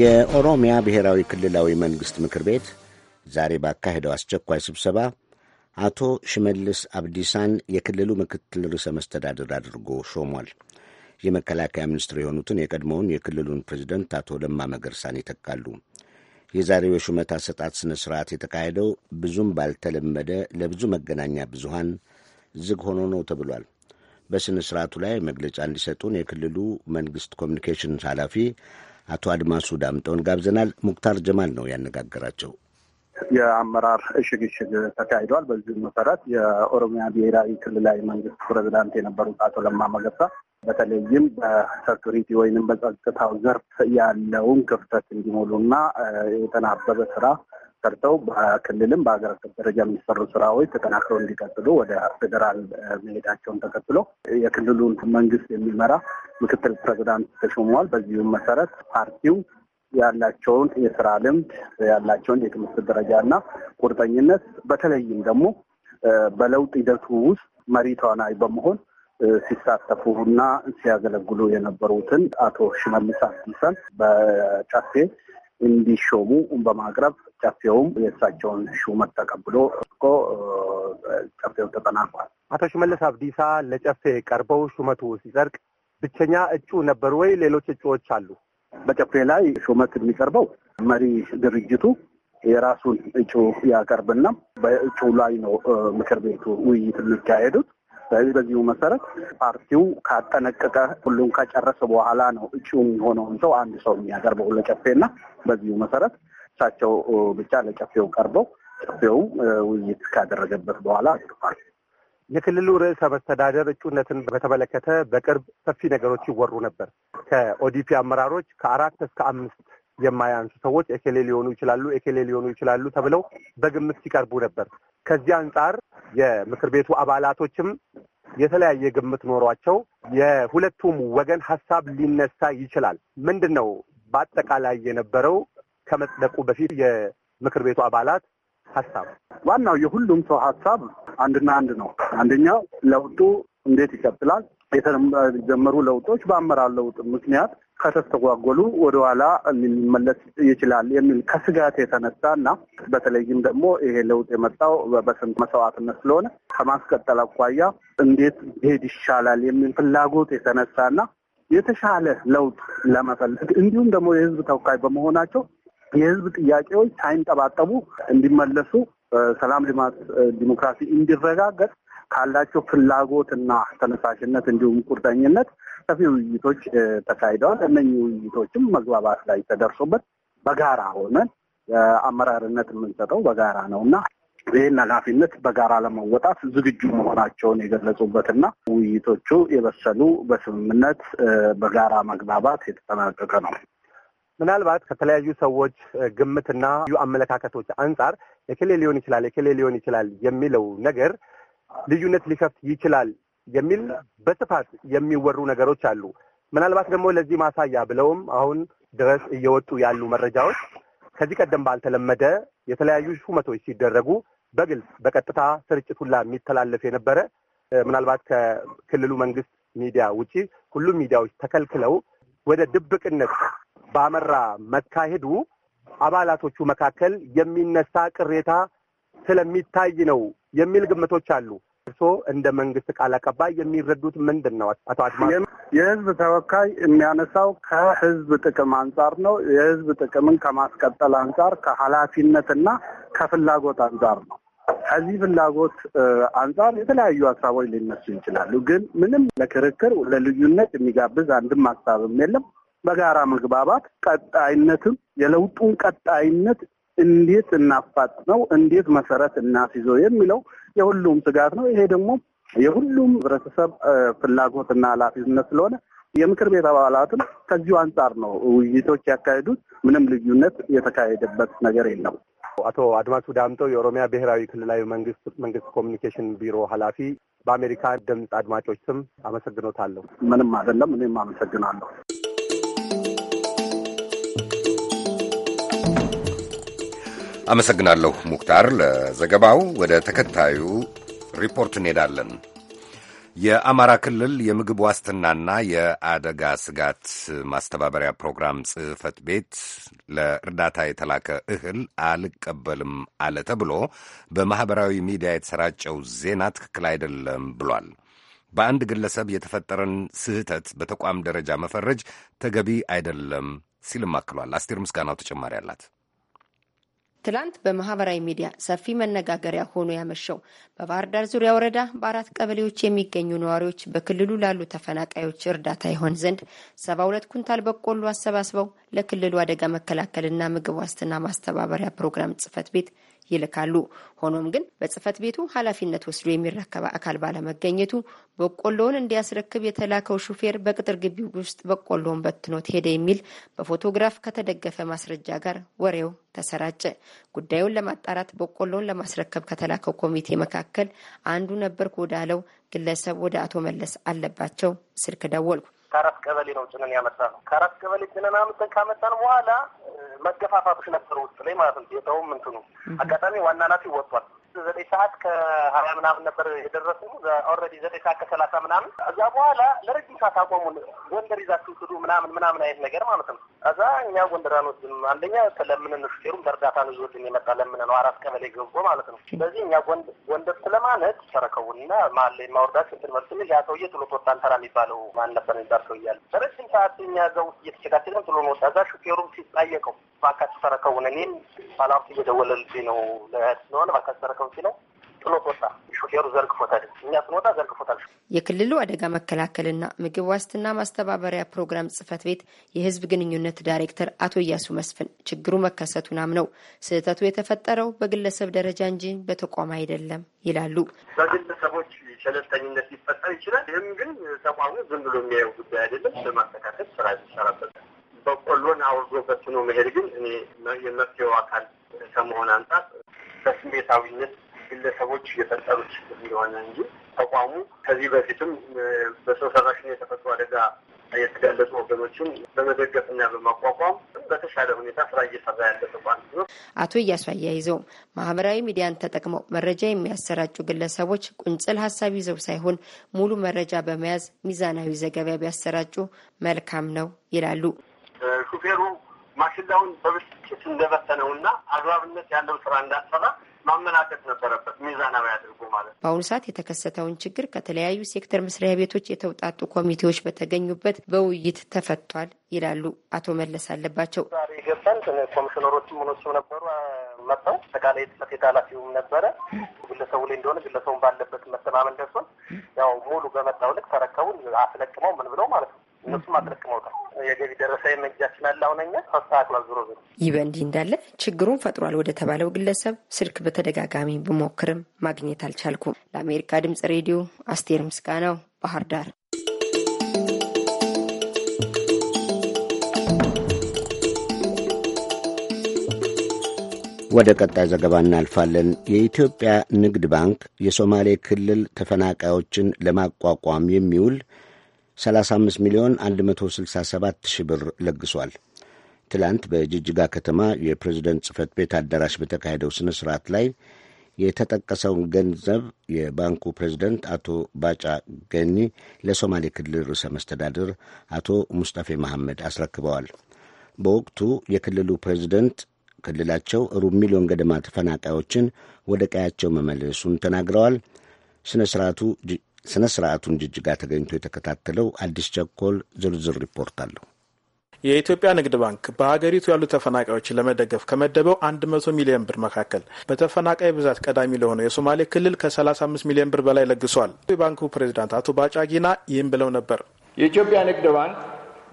የኦሮሚያ ብሔራዊ ክልላዊ መንግሥት ምክር ቤት ዛሬ ባካሄደው አስቸኳይ ስብሰባ አቶ ሽመልስ አብዲሳን የክልሉ ምክትል ርዕሰ መስተዳድር አድርጎ ሾሟል። የመከላከያ ሚኒስትር የሆኑትን የቀድሞውን የክልሉን ፕሬዚደንት አቶ ለማ መገርሳን ይተካሉ። የዛሬው የሹመት አሰጣጥ ሥነ ሥርዓት የተካሄደው ብዙም ባልተለመደ ለብዙ መገናኛ ብዙሃን ዝግ ሆኖ ነው ተብሏል። በሥነ ሥርዓቱ ላይ መግለጫ እንዲሰጡን የክልሉ መንግሥት ኮሚኒኬሽን ኃላፊ አቶ አድማሱ ዳምጠውን ጋብዘናል። ሙክታር ጀማል ነው ያነጋገራቸው። የአመራር እሽግሽግ ተካሂዷል። በዚህ መሰረት የኦሮሚያ ብሔራዊ ክልላዊ መንግስት ፕሬዚዳንት የነበሩት አቶ ለማ መገርሳ በተለይም በሰኩሪቲ ወይንም በጸጥታው ዘርፍ ያለውን ክፍተት እንዲሞሉና የተናበበ ስራ ሰርተው በክልልም በሀገር አቀፍ ደረጃ የሚሰሩ ስራዎች ተጠናክረው እንዲቀጥሉ ወደ ፌዴራል መሄዳቸውን ተከትሎ የክልሉን መንግስት የሚመራ ምክትል ፕሬዚዳንት ተሾመዋል። በዚሁም መሰረት ፓርቲው ያላቸውን የስራ ልምድ ያላቸውን የትምህርት ደረጃ እና ቁርጠኝነት በተለይም ደግሞ በለውጥ ሂደቱ ውስጥ መሪ ተዋናይ በመሆን ሲሳተፉ እና ሲያገለግሉ የነበሩትን አቶ ሽመልስ አብዲሳን በጨፌ እንዲሾሙ በማቅረብ ጨፌውም የእሳቸውን ሹመት ተቀብሎ እኮ ጨፌው ተጠናቋል። አቶ ሽመለስ አብዲሳ ለጨፌ ቀርበው ሹመቱ ሲጸድቅ ብቸኛ እጩ ነበሩ ወይ? ሌሎች እጩዎች አሉ? በጨፌ ላይ ሹመት የሚቀርበው መሪ ድርጅቱ የራሱን እጩ ያቀርብና በእጩ ላይ ነው ምክር ቤቱ ውይይት የሚካሄዱት። በዚሁ መሰረት ፓርቲው ካጠነቀቀ ሁሉም ከጨረሰ በኋላ ነው እጩ የሚሆነውን ሰው አንድ ሰው የሚያቀርበው ለጨፌና በዚሁ መሰረት እሳቸው ብቻ ለጨፌው ቀርበው ጨፌው ውይይት ካደረገበት በኋላ አቅርባል። የክልሉ ርዕሰ መስተዳደር እጩነትን በተመለከተ በቅርብ ሰፊ ነገሮች ይወሩ ነበር። ከኦዲፒ አመራሮች ከአራት እስከ አምስት የማያንሱ ሰዎች ኤኬሌ ሊሆኑ ይችላሉ፣ ኤኬሌ ሊሆኑ ይችላሉ ተብለው በግምት ሲቀርቡ ነበር። ከዚህ አንጻር የምክር ቤቱ አባላቶችም የተለያየ ግምት ኖሯቸው የሁለቱም ወገን ሀሳብ ሊነሳ ይችላል። ምንድን ነው በአጠቃላይ የነበረው ከመጽደቁ በፊት የምክር ቤቱ አባላት ሀሳብ ዋናው የሁሉም ሰው ሀሳብ አንድና አንድ ነው። አንደኛው ለውጡ እንዴት ይቀጥላል? የተጀመሩ ለውጦች በአመራር ለውጥ ምክንያት ከተስተጓጎሉ ወደኋላ ሊመለስ ይችላል የሚል ከስጋት የተነሳ እና በተለይም ደግሞ ይሄ ለውጥ የመጣው በስንት መስዋዕትነት ስለሆነ ከማስቀጠል አኳያ እንዴት ሄድ ይሻላል የሚል ፍላጎት የተነሳ እና የተሻለ ለውጥ ለመፈለግ እንዲሁም ደግሞ የህዝብ ተወካይ በመሆናቸው የህዝብ ጥያቄዎች ሳይንጠባጠቡ እንዲመለሱ፣ ሰላም፣ ልማት፣ ዲሞክራሲ እንዲረጋገጥ ካላቸው ፍላጎትና ተነሳሽነት እንዲሁም ቁርጠኝነት ሰፊ ውይይቶች ተካሂደዋል። እነኚህ ውይይቶችም መግባባት ላይ ተደርሶበት በጋራ ሆነን አመራርነት የምንሰጠው በጋራ ነው እና ይህን ኃላፊነት በጋራ ለመወጣት ዝግጁ መሆናቸውን የገለጹበትና ውይይቶቹ የበሰሉ በስምምነት በጋራ መግባባት የተጠናቀቀ ነው። ምናልባት ከተለያዩ ሰዎች ግምትና አመለካከቶች አንጻር የክሌ ሊሆን ይችላል የክሌ ሊሆን ይችላል የሚለው ነገር ልዩነት ሊከፍት ይችላል የሚል በስፋት የሚወሩ ነገሮች አሉ። ምናልባት ደግሞ ለዚህ ማሳያ ብለውም አሁን ድረስ እየወጡ ያሉ መረጃዎች ከዚህ ቀደም ባልተለመደ የተለያዩ ሹመቶች ሲደረጉ በግልጽ በቀጥታ ስርጭት ሁላ የሚተላለፍ የነበረ ምናልባት ከክልሉ መንግስት ሚዲያ ውጪ ሁሉም ሚዲያዎች ተከልክለው ወደ ድብቅነት ባመራ መካሄዱ አባላቶቹ መካከል የሚነሳ ቅሬታ ስለሚታይ ነው የሚል ግምቶች አሉ። እርስዎ እንደ መንግስት ቃል አቀባይ የሚረዱት ምንድን ነው? አቶ አድማ የህዝብ ተወካይ የሚያነሳው ከህዝብ ጥቅም አንጻር ነው። የህዝብ ጥቅምን ከማስቀጠል አንጻር፣ ከኃላፊነትና ከፍላጎት አንጻር ነው። ከዚህ ፍላጎት አንጻር የተለያዩ ሀሳቦች ሊነሱ ይችላሉ። ግን ምንም ለክርክር ለልዩነት የሚጋብዝ አንድም ሀሳብም የለም። በጋራ መግባባት ቀጣይነትም የለውጡን ቀጣይነት እንዴት እናፋጥ ነው እንዴት መሰረት እናስይዘው የሚለው የሁሉም ስጋት ነው። ይሄ ደግሞ የሁሉም ህብረተሰብ ፍላጎትና ኃላፊነት ስለሆነ የምክር ቤት አባላትም ከዚሁ አንጻር ነው ውይይቶች ያካሄዱት። ምንም ልዩነት የተካሄደበት ነገር የለም። አቶ አድማሱ ዳምጠው የኦሮሚያ ብሔራዊ ክልላዊ መንግስት መንግስት ኮሚኒኬሽን ቢሮ ኃላፊ በአሜሪካ ድምፅ አድማጮች ስም አመሰግኖታለሁ። ምንም አይደለም። እኔም አመሰግናለሁ። አመሰግናለሁ ሙክታር ለዘገባው። ወደ ተከታዩ ሪፖርት እንሄዳለን። የአማራ ክልል የምግብ ዋስትናና የአደጋ ስጋት ማስተባበሪያ ፕሮግራም ጽህፈት ቤት ለእርዳታ የተላከ እህል አልቀበልም አለ ተብሎ በማኅበራዊ ሚዲያ የተሰራጨው ዜና ትክክል አይደለም ብሏል። በአንድ ግለሰብ የተፈጠረን ስህተት በተቋም ደረጃ መፈረጅ ተገቢ አይደለም ሲልም አክሏል። አስቴር ምስጋናው ተጨማሪ አላት። ትላንት በማህበራዊ ሚዲያ ሰፊ መነጋገሪያ ሆኖ ያመሸው በባህር ዳር ዙሪያ ወረዳ በአራት ቀበሌዎች የሚገኙ ነዋሪዎች በክልሉ ላሉ ተፈናቃዮች እርዳታ ይሆን ዘንድ ሰባ ሁለት ኩንታል በቆሎ አሰባስበው ለክልሉ አደጋ መከላከልና ምግብ ዋስትና ማስተባበሪያ ፕሮግራም ጽህፈት ቤት ይልካሉ። ሆኖም ግን በጽህፈት ቤቱ ኃላፊነት ወስዶ የሚረከበ አካል ባለመገኘቱ በቆሎውን እንዲያስረክብ የተላከው ሹፌር በቅጥር ግቢ ውስጥ በቆሎውን በትኖት ሄደ የሚል በፎቶግራፍ ከተደገፈ ማስረጃ ጋር ወሬው ተሰራጨ። ጉዳዩን ለማጣራት በቆሎውን ለማስረከብ ከተላከው ኮሚቴ መካከል አንዱ ነበርኩ ወዳለው ግለሰብ ወደ አቶ መለስ አለባቸው ስልክ ደወልኩ። ከአራት ቀበሌ ነው ጭነን ያመጣ ነው። ከአራት ቀበሌ ጭነን አምጥተን ካመጣን በኋላ መገፋፋቶች ነበሩ ውስጥ ላይ ማለት ነው። የሰውም እንትኑ አጋጣሚ ዋና ናፊ ወጥቷል። ዘጠኝ ሰዓት ከሀያ ምናምን ነበር የደረሱ ኦልሬዲ ዘጠኝ ሰዓት ከሰላሳ ምናምን። እዛ በኋላ ለረጅም ሰዓት አቆሙን። ጎንደር ይዛችሁ ስዱ ምናምን ምናምን አይነት ነገር ማለት ነው። እዛ እኛ ጎንደር አንወስድም፣ አንደኛ ስለምንን ሹፌሩም በእርዳታ ነው ይዞልን የመጣ ለምን ነው አራት ቀበሌ ገብቶ ማለት ነው። ስለዚህ እኛ ጎንደር ስለማነት ተረከቡና ማለ ላይ ማውርዳት እንትን መልስ ያ ሰውዬ ጥሎት ወጣ። አንተራ የሚባለው ማን ነበር የሚባል ሰው እያለ ለረጅም ሰዓት እኛ እዛ ውስጥ እየተቸጋቸለን ጥሎን ወጣ። እዛ ሹፌሩም ሲጠየቀው እባካችሁ ተረከቡን፣ እኔም ባላሁት እየደወለልኝ ነው ለእህት ስለሆነ እባካችሁ ተረከቡ ሰው ሲለው ጥሎት ወጣ። ሹፌሩ ዘርግፎታል። እኛ ስንወጣ ዘርግፎታል። የክልሉ አደጋ መከላከልና ምግብ ዋስትና ማስተባበሪያ ፕሮግራም ጽህፈት ቤት የህዝብ ግንኙነት ዳይሬክተር አቶ እያሱ መስፍን ችግሩ መከሰቱን አምነው ስህተቱ የተፈጠረው በግለሰብ ደረጃ እንጂ በተቋም አይደለም ይላሉ። በግለሰቦች ሸለልተኝነት ሊፈጠር ይችላል። ይህም ግን ተቋሙ ዝም ብሎ የሚያየው ጉዳይ አይደለም። ለማስተካከል ስራ ይሰራበታል። በቆሎን አውርዶ በትኖ መሄድ ግን እኔ የመፍትሄው አካል ከመሆን አንጻር በስሜታዊነት ግለሰቦች የፈጠሩት እንደሆነ እንጂ ተቋሙ ከዚህ በፊትም በሰው ሰራሽና የተፈጥሮ አደጋ የተጋለጡ ወገኖችን በመደገፍና በማቋቋም በተሻለ ሁኔታ ስራ እየሰራ ያለ ተቋም ነው። አቶ እያሱ አያይዘው ማህበራዊ ሚዲያን ተጠቅመው መረጃ የሚያሰራጩ ግለሰቦች ቁንጽል ሀሳብ ይዘው ሳይሆን ሙሉ መረጃ በመያዝ ሚዛናዊ ዘገባ ቢያሰራጩ መልካም ነው ይላሉ። ሹፌሩ ማሽላውን በብስጭት እንደበተነውና እና አግባብነት ያለው ስራ እንዳሰራ ማመላከት ነበረበት፣ ሚዛናዊ አድርጎ ማለት በአሁኑ ሰዓት የተከሰተውን ችግር ከተለያዩ ሴክተር መስሪያ ቤቶች የተውጣጡ ኮሚቴዎች በተገኙበት በውይይት ተፈቷል ይላሉ አቶ መለስ አለባቸው። ዛሬ ገባን። ኮሚሽነሮችም ምኖችም ነበሩ መጥተው አጠቃላይ ጽፈት ቤት ኃላፊውም ነበረ። ግለሰቡ ላይ እንደሆነ ግለሰቡን ባለበት መተማመን ደርሶን ያው ሙሉ በመጣው ልክ ተረከቡን አስለቅመው ምን ብለው ማለት ነው እነሱም አስረክመውታል። የገቢ ደረሰ የመጃችን አለ አሁን እኛ ተስተካክሏል። ዞሮ ዞሮ ይህ በእንዲህ እንዳለ ችግሩን ፈጥሯል ወደ ተባለው ግለሰብ ስልክ በተደጋጋሚ ብሞክርም ማግኘት አልቻልኩም። ለአሜሪካ ድምጽ ሬዲዮ አስቴር ምስጋናው ባህር ዳር። ወደ ቀጣይ ዘገባ እናልፋለን። የኢትዮጵያ ንግድ ባንክ የሶማሌ ክልል ተፈናቃዮችን ለማቋቋም የሚውል 35 ሚሊዮን 167 ሺህ ብር ለግሷል። ትላንት በጅጅጋ ከተማ የፕሬዝደንት ጽህፈት ቤት አዳራሽ በተካሄደው ስነ ስርዓት ላይ የተጠቀሰውን ገንዘብ የባንኩ ፕሬዝደንት አቶ ባጫ ገኒ ለሶማሌ ክልል ርዕሰ መስተዳድር አቶ ሙስጠፌ መሐመድ አስረክበዋል። በወቅቱ የክልሉ ፕሬዝደንት ክልላቸው ሩብ ሚሊዮን ገደማ ተፈናቃዮችን ወደ ቀያቸው መመለሱን ተናግረዋል። ስነ ስርዓቱ ስነ ሥርዓቱን ጅጅጋ ተገኝቶ የተከታተለው አዲስ ቸኮል ዝርዝር ሪፖርት አለው። የኢትዮጵያ ንግድ ባንክ በሀገሪቱ ያሉ ተፈናቃዮችን ለመደገፍ ከመደበው 100 ሚሊዮን ብር መካከል በተፈናቃይ ብዛት ቀዳሚ ለሆነው የሶማሌ ክልል ከ35 ሚሊዮን ብር በላይ ለግሷል። የባንኩ ፕሬዚዳንት አቶ ባጫ ጊና ይህም ብለው ነበር። የኢትዮጵያ ንግድ ባንክ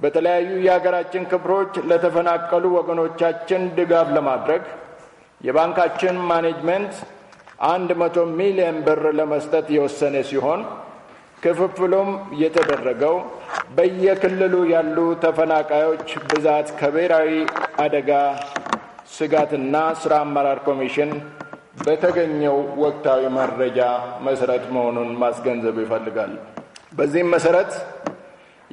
በተለያዩ የሀገራችን ክፍሎች ለተፈናቀሉ ወገኖቻችን ድጋፍ ለማድረግ የባንካችን ማኔጅመንት አንድ መቶ ሚሊዮን ብር ለመስጠት የወሰነ ሲሆን ክፍፍሉም የተደረገው በየክልሉ ያሉ ተፈናቃዮች ብዛት ከብሔራዊ አደጋ ስጋትና ስራ አመራር ኮሚሽን በተገኘው ወቅታዊ መረጃ መሰረት መሆኑን ማስገንዘብ ይፈልጋል። በዚህም መሰረት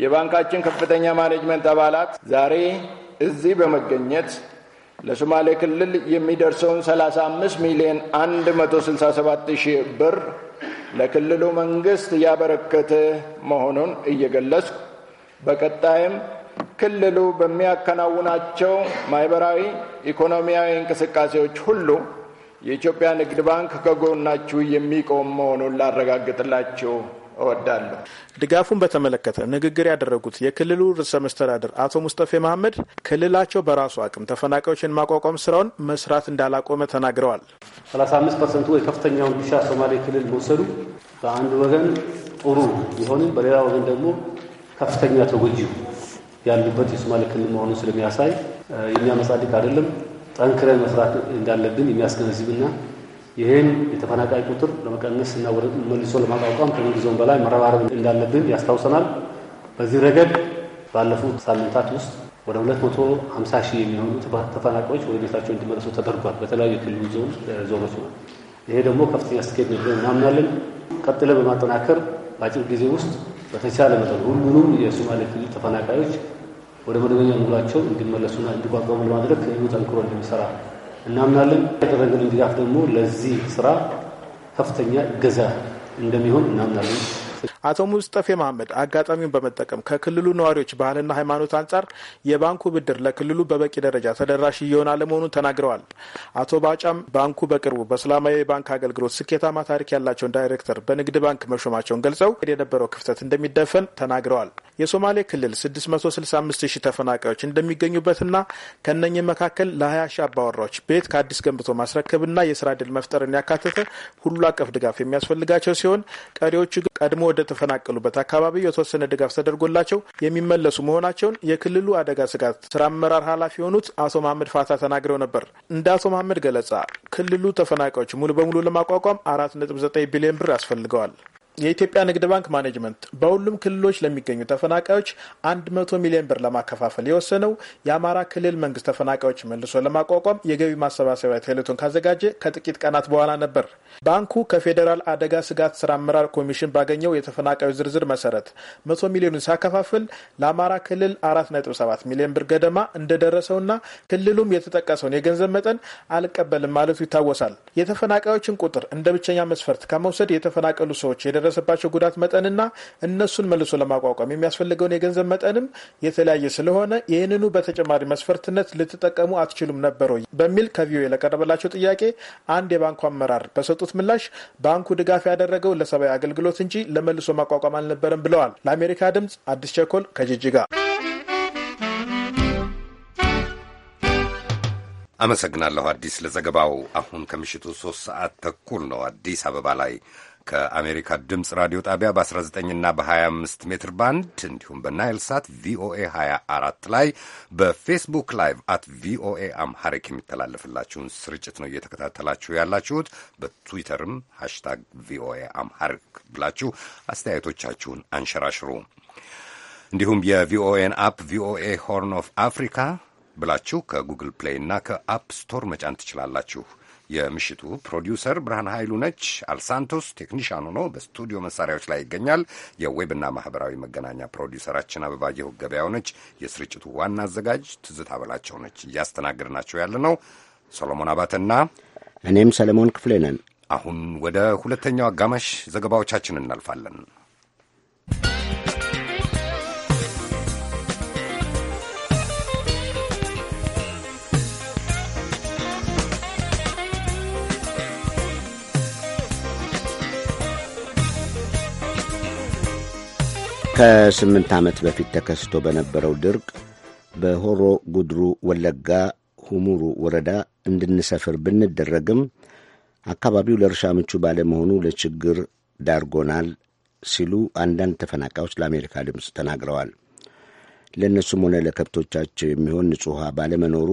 የባንካችን ከፍተኛ ማኔጅመንት አባላት ዛሬ እዚህ በመገኘት ለሶማሌ ክልል የሚደርሰውን 35 ሚሊዮን 167 ሺህ ብር ለክልሉ መንግስት ያበረከተ መሆኑን እየገለጽኩ በቀጣይም ክልሉ በሚያከናውናቸው ማህበራዊ፣ ኢኮኖሚያዊ እንቅስቃሴዎች ሁሉ የኢትዮጵያ ንግድ ባንክ ከጎናችሁ የሚቆም መሆኑን ላረጋግጥላችሁ እወዳለሁ። ድጋፉን በተመለከተ ንግግር ያደረጉት የክልሉ ርዕሰ መስተዳድር አቶ ሙስጠፌ መሀመድ ክልላቸው በራሱ አቅም ተፈናቃዮችን ማቋቋም ስራውን መስራት እንዳላቆመ ተናግረዋል። 35 ፐርሰንቱ ከፍተኛውን ድርሻ ሶማሌ ክልል መውሰዱ በአንድ ወገን ጥሩ ቢሆንም በሌላ ወገን ደግሞ ከፍተኛ ተጎጂ ያሉበት የሶማሌ ክልል መሆኑን ስለሚያሳይ የሚያመጻድቅ አይደለም። ጠንክረን መስራት እንዳለብን የሚያስገነዝብና ይህን የተፈናቃይ ቁጥር ለመቀነስ እና መልሶ ለማቋቋም ከምንጊዜውም በላይ መረባረብ እንዳለብን ያስታውሰናል። በዚህ ረገድ ባለፉት ሳምንታት ውስጥ ወደ 250 ሺህ የሚሆኑ ተፈናቃዮች ወደ ቤታቸው እንዲመለሱ ተደርጓል። በተለያዩ የክልሉ ዞኖች ነው። ይሄ ደግሞ ከፍተኛ ስኬት ነው ብለን እናምናለን። ቀጥለ በማጠናከር በአጭር ጊዜ ውስጥ በተቻለ መጠን ሁሉንም የሶማሌ ክልል ተፈናቃዮች ወደ መደበኛ ኑሯቸው እንዲመለሱና እንዲቋቋሙ ለማድረግ ክልሉ ጠንክሮ እንደሚሰራ እናምናለን። ያደረገልን ድጋፍ ደግሞ ለዚህ ስራ ከፍተኛ እገዛ እንደሚሆን እናምናለን። አቶ ሙስጠፌ መሀመድ አጋጣሚውን በመጠቀም ከክልሉ ነዋሪዎች ባህልና ሃይማኖት አንጻር የባንኩ ብድር ለክልሉ በበቂ ደረጃ ተደራሽ እየሆነ አለመሆኑን ተናግረዋል። አቶ ባጫም ባንኩ በቅርቡ በሰላማዊ የባንክ አገልግሎት ስኬታማ ታሪክ ያላቸውን ዳይሬክተር በንግድ ባንክ መሾማቸውን ገልጸው የነበረው ክፍተት እንደሚደፈን ተናግረዋል። የሶማሌ ክልል 665 ሺህ ተፈናቃዮች እንደሚገኙበትና ከእነኝህ መካከል ለ20 ሺህ አባወራዎች ቤት ከአዲስ ገንብቶ ማስረከብና የስራ ዕድል መፍጠርን ያካተተ ሁሉ አቀፍ ድጋፍ የሚያስፈልጋቸው ሲሆን ቀሪዎቹ ቀድሞ ወደ ተፈናቀሉበት አካባቢ የተወሰነ ድጋፍ ተደርጎላቸው የሚመለሱ መሆናቸውን የክልሉ አደጋ ስጋት ስራ አመራር ኃላፊ የሆኑት አቶ መሀመድ ፋታ ተናግረው ነበር። እንደ አቶ መሀመድ ገለጻ ክልሉ ተፈናቃዮች ሙሉ በሙሉ ለማቋቋም አራት ነጥብ ዘጠኝ ቢሊዮን ብር ያስፈልገዋል። የኢትዮጵያ ንግድ ባንክ ማኔጅመንት በሁሉም ክልሎች ለሚገኙ ተፈናቃዮች 100 ሚሊዮን ብር ለማከፋፈል የወሰነው የአማራ ክልል መንግስት ተፈናቃዮች መልሶ ለማቋቋም የገቢ ማሰባሰቢያ ቴሌቶን ካዘጋጀ ከጥቂት ቀናት በኋላ ነበር። ባንኩ ከፌዴራል አደጋ ስጋት ስራ አመራር ኮሚሽን ባገኘው የተፈናቃዮች ዝርዝር መሰረት 100 ሚሊዮኑን ሲያከፋፍል ለአማራ ክልል 4.7 ሚሊዮን ብር ገደማ እንደደረሰውና ክልሉም የተጠቀሰውን የገንዘብ መጠን አልቀበልም ማለቱ ይታወሳል። የተፈናቃዮችን ቁጥር እንደ ብቸኛ መስፈርት ከመውሰድ የተፈናቀሉ ሰዎች የደረ የደረሰባቸው ጉዳት መጠንና እነሱን መልሶ ለማቋቋም የሚያስፈልገውን የገንዘብ መጠንም የተለያየ ስለሆነ ይህንኑ በተጨማሪ መስፈርትነት ልትጠቀሙ አትችሉም ነበረ በሚል ከቪኦኤ ለቀረበላቸው ጥያቄ አንድ የባንኩ አመራር በሰጡት ምላሽ ባንኩ ድጋፍ ያደረገው ለሰብአዊ አገልግሎት እንጂ ለመልሶ ማቋቋም አልነበረም ብለዋል። ለአሜሪካ ድምፅ አዲስ ቸኮል ከጅጅጋ አመሰግናለሁ። አዲስ ለዘገባው። አሁን ከምሽቱ ሶስት ሰዓት ተኩል ነው አዲስ አበባ ላይ ከአሜሪካ ድምፅ ራዲዮ ጣቢያ በ 19 እና በ25 ሜትር ባንድ እንዲሁም በናይል ሳት ቪኦኤ 24 ላይ በፌስቡክ ላይቭ አት ቪኦኤ አምሐሪክ የሚተላለፍላችሁን ስርጭት ነው እየተከታተላችሁ ያላችሁት። በትዊተርም ሃሽታግ ቪኦኤ አምሐሪክ ብላችሁ አስተያየቶቻችሁን አንሸራሽሩ። እንዲሁም የቪኦኤን አፕ ቪኦኤ ሆርን ኦፍ አፍሪካ ብላችሁ ከጉግል ፕሌይ እና ከአፕ ስቶር መጫን ትችላላችሁ። የምሽቱ ፕሮዲውሰር ብርሃን ኃይሉ ነች። አልሳንቶስ ቴክኒሽያን ሆኖ በስቱዲዮ መሳሪያዎች ላይ ይገኛል። የዌብና ማህበራዊ መገናኛ ፕሮዲውሰራችን አበባየሁ ገበያው ነች። የስርጭቱ ዋና አዘጋጅ ትዝታ በላቸው ነች። እያስተናገድናቸው ያለ ነው ሰሎሞን አባተና እኔም ሰለሞን ክፍሌ ነን። አሁን ወደ ሁለተኛው አጋማሽ ዘገባዎቻችን እናልፋለን። ከስምንት ዓመት በፊት ተከስቶ በነበረው ድርቅ በሆሮ ጉድሩ ወለጋ ሁሙሩ ወረዳ እንድንሰፍር ብንደረግም አካባቢው ለእርሻ ምቹ ባለመሆኑ ለችግር ዳርጎናል ሲሉ አንዳንድ ተፈናቃዮች ለአሜሪካ ድምፅ ተናግረዋል። ለእነሱም ሆነ ለከብቶቻቸው የሚሆን ንጹሕ ውሃ ባለመኖሩ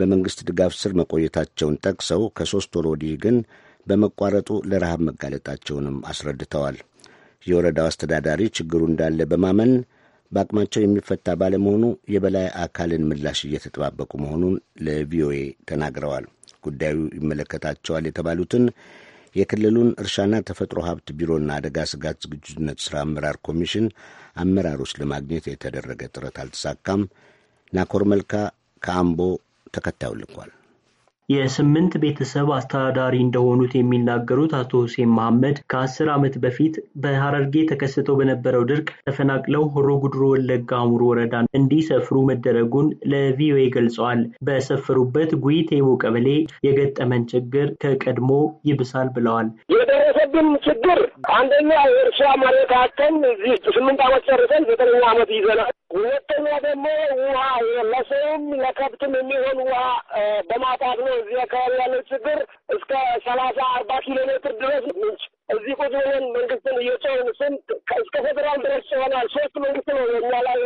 በመንግሥት ድጋፍ ስር መቆየታቸውን ጠቅሰው ከሦስት ወር ወዲህ ግን በመቋረጡ ለረሃብ መጋለጣቸውንም አስረድተዋል። የወረዳው አስተዳዳሪ ችግሩ እንዳለ በማመን በአቅማቸው የሚፈታ ባለመሆኑ የበላይ አካልን ምላሽ እየተጠባበቁ መሆኑን ለቪኦኤ ተናግረዋል። ጉዳዩ ይመለከታቸዋል የተባሉትን የክልሉን እርሻና ተፈጥሮ ሀብት ቢሮና አደጋ ስጋት ዝግጁነት ሥራ አመራር ኮሚሽን አመራሮች ለማግኘት የተደረገ ጥረት አልተሳካም። ናኮር መልካ ከአምቦ ተከታዩ ልኳል። የስምንት ቤተሰብ አስተዳዳሪ እንደሆኑት የሚናገሩት አቶ ሁሴን መሐመድ ከአስር ዓመት በፊት በሐረርጌ ተከስተው በነበረው ድርቅ ተፈናቅለው ሆሮ ጉድሮ ወለጋ አሙር ወረዳ እንዲሰፍሩ መደረጉን ለቪኦኤ ገልጸዋል። በሰፈሩበት ጉይ ቴቦ ቀበሌ የገጠመን ችግር ከቀድሞ ይብሳል ብለዋል። የደረሰብን ችግር አንደኛ የእርሻ መሬታችን እዚህ ስምንት ዓመት ጨርሰን ዘጠነኛ ዓመት ይዘናል። ሁለተኛ ደግሞ ውሃ ለሰውም ለከብትም የሚሆን ውሃ በማጣት ነው። እዚህ አካባቢ ያለው ችግር እስከ ሰላሳ አርባ ኪሎ ሜትር ድረስ ምንጭ እዚህ ቁጭ ብለን መንግስትን እየጮህን ስንት እስከ ፌዴራል ድረስ ይሆናል። ሶስት መንግስት ነው እኛ ላይ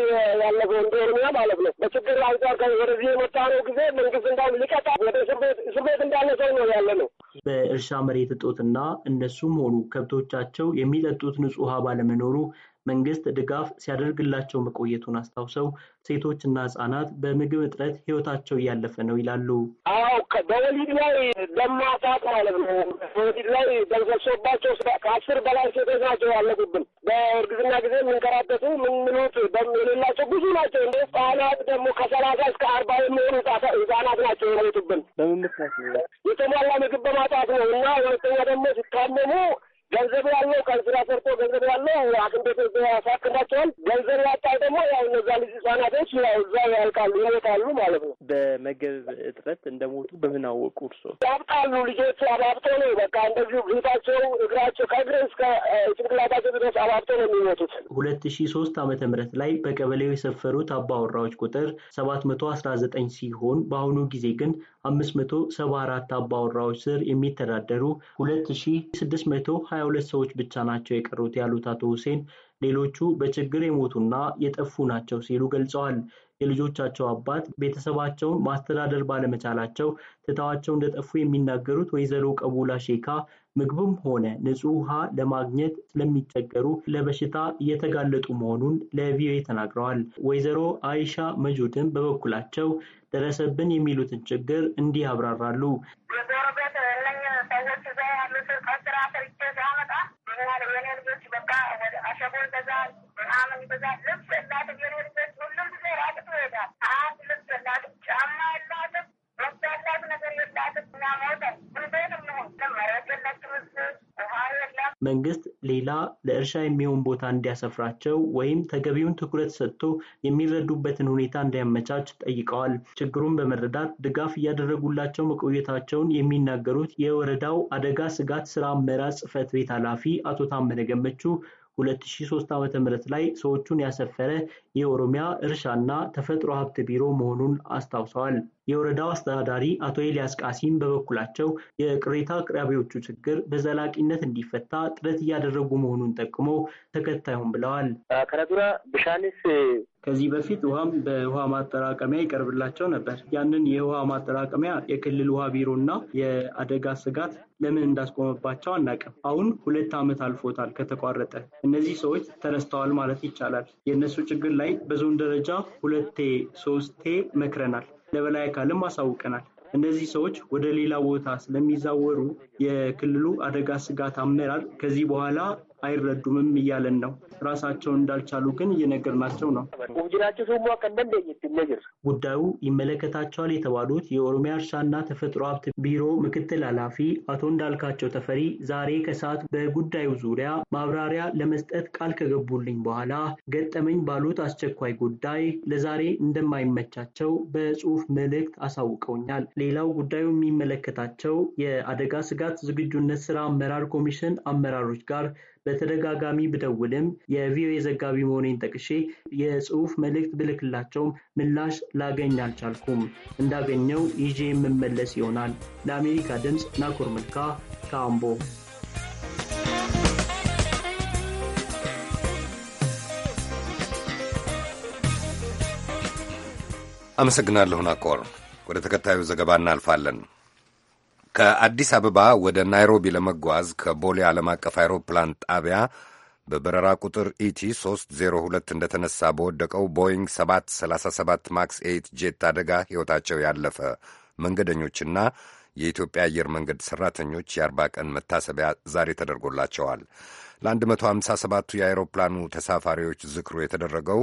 ያለፈው እንደ ኦሮሚያ ማለት ነው። በችግር አንጻር ወደዚህ የመጣ ነው ጊዜ መንግስት እንዳሁ ሊቀጣ ወደ እስር ቤት እስር ቤት እንዳለ ሰው ነው ያለ ነው። በእርሻ መሬት እጦትና እነሱም ሆኑ ከብቶቻቸው የሚጠጡት ንጹህ ውሃ ባለመኖሩ መንግስት ድጋፍ ሲያደርግላቸው መቆየቱን አስታውሰው ሴቶችና ህጻናት በምግብ እጥረት ህይወታቸው እያለፈ ነው ይላሉ። አዎ በወሊድ ላይ ደም ማለት ነው። በወሊድ ላይ ደንሰሶባቸው ከአስር በላይ ሴቶች ናቸው ያለፉብን። በእርግዝና ጊዜ የምንከራተቱ የምንሉት ደም የሌላቸው ብዙ ናቸው። እንደ ህጻናት ደግሞ ከሰላሳ እስከ አርባ የሚሆኑ ህጻናት ናቸው የሞቱብን። በምን ምክንያት የተሟላ ምግብ በማጣት ነው እና ሁለተኛ ደግሞ ሲታመሙ ገንዘብ ያለው ከእንስራ ሰርቶ ገንዘብ ያለው ሐኪም ቤት ያሳክማቸዋል። ገንዘብ ያጣል ደግሞ ያው እነዛ ልጅ ህጻናቶች ያው እዛ ያልቃሉ፣ ይሞታሉ ማለት ነው። በምግብ እጥረት እንደሞቱ በምን አወቁ እርሶ? ያብጣሉ ልጆቹ አባብቶ ነው በቃ እንደዚሁ ግንታቸው እግራቸው ከእግር እስከ ጭንቅላታቸው ድረስ አባብቶ ነው የሚሞቱት። ሁለት ሺ ሶስት አመተ ምህረት ላይ በቀበሌው የሰፈሩት አባወራዎች ቁጥር ሰባት መቶ አስራ ዘጠኝ ሲሆን በአሁኑ ጊዜ ግን አምስት መቶ ሰባ አራት አባወራዎች ስር የሚተዳደሩ ሁለት ሺ ስድስት መቶ ሀያ ሁለት ሰዎች ብቻ ናቸው የቀሩት ያሉት አቶ ሁሴን ሌሎቹ በችግር የሞቱና የጠፉ ናቸው ሲሉ ገልጸዋል። የልጆቻቸው አባት ቤተሰባቸውን ማስተዳደር ባለመቻላቸው ትተዋቸው እንደጠፉ የሚናገሩት ወይዘሮ ቀቡላ ሼካ ምግብም ሆነ ንጹህ ውሃ ለማግኘት ስለሚቸገሩ ለበሽታ እየተጋለጡ መሆኑን ለቪኦኤ ተናግረዋል። ወይዘሮ አይሻ መጁድን በበኩላቸው ደረሰብን የሚሉትን ችግር እንዲህ ያብራራሉ። ልብስ የላትም። የኖርበት ሁሉም ጊዜ ይሄዳል። ልብስ የላትም፣ ጫማ የላትም፣ ነገር የላትም ምሆን መረት ውሃ የለም። መንግስት ሌላ ለእርሻ የሚሆን ቦታ እንዲያሰፍራቸው ወይም ተገቢውን ትኩረት ሰጥቶ የሚረዱበትን ሁኔታ እንዲያመቻች ጠይቀዋል። ችግሩን በመረዳት ድጋፍ እያደረጉላቸው መቆየታቸውን የሚናገሩት የወረዳው አደጋ ስጋት ስራ አመራር ጽህፈት ቤት ኃላፊ አቶ ታመነ ገመቹ 2003 ዓ.ም ላይ ሰዎቹን ያሰፈረ የኦሮሚያ እርሻና ተፈጥሮ ሀብት ቢሮ መሆኑን አስታውሰዋል። የወረዳው አስተዳዳሪ አቶ ኤልያስ ቃሲም በበኩላቸው የቅሬታ አቅራቢዎቹ ችግር በዘላቂነት እንዲፈታ ጥረት እያደረጉ መሆኑን ጠቅሞ ተከታዩም ብለዋል። ከነዱራ ብሻንስ ከዚህ በፊት ውሃም በውሃ ማጠራቀሚያ ይቀርብላቸው ነበር። ያንን የውሃ ማጠራቀሚያ የክልል ውሃ ቢሮ እና የአደጋ ስጋት ለምን እንዳስቆመባቸው አናውቅም። አሁን ሁለት ዓመት አልፎታል ከተቋረጠ። እነዚህ ሰዎች ተነስተዋል ማለት ይቻላል። የእነሱ ችግር ላይ በዞን ደረጃ ሁለቴ ሶስቴ መክረናል፣ ለበላይ አካልም አሳውቀናል። እነዚህ ሰዎች ወደ ሌላ ቦታ ስለሚዛወሩ የክልሉ አደጋ ስጋት አመራር ከዚህ በኋላ አይረዱምም እያለን ነው። ራሳቸውን እንዳልቻሉ ግን እየነገርናቸው ነው። ጉዳዩ ይመለከታቸዋል የተባሉት የኦሮሚያ እርሻና ተፈጥሮ ሀብት ቢሮ ምክትል ኃላፊ አቶ እንዳልካቸው ተፈሪ ዛሬ ከሰዓት በጉዳዩ ዙሪያ ማብራሪያ ለመስጠት ቃል ከገቡልኝ በኋላ ገጠመኝ ባሉት አስቸኳይ ጉዳይ ለዛሬ እንደማይመቻቸው በጽሁፍ መልእክት አሳውቀውኛል። ሌላው ጉዳዩ የሚመለከታቸው የአደጋ ስጋት ዝግጁነት ስራ አመራር ኮሚሽን አመራሮች ጋር በተደጋጋሚ ብደውልም የቪኦኤ ዘጋቢ መሆኔን ጠቅሼ የጽሁፍ መልእክት ብልክላቸውም ምላሽ ላገኝ አልቻልኩም። እንዳገኘው ይዤ የምመለስ ይሆናል። ለአሜሪካ ድምፅ ናኮር መልካ ካምቦ አመሰግናለሁ ናኮር። ወደ ተከታዩ ዘገባ እናልፋለን። ከአዲስ አበባ ወደ ናይሮቢ ለመጓዝ ከቦሌ ዓለም አቀፍ አይሮፕላን ጣቢያ በበረራ ቁጥር ኢቲ 302 እንደተነሳ በወደቀው ቦይንግ 737 ማክስ 8 ጄት አደጋ ሕይወታቸው ያለፈ መንገደኞችና የኢትዮጵያ አየር መንገድ ሠራተኞች የአርባ ቀን መታሰቢያ ዛሬ ተደርጎላቸዋል። ለ157ቱ የአይሮፕላኑ ተሳፋሪዎች ዝክሩ የተደረገው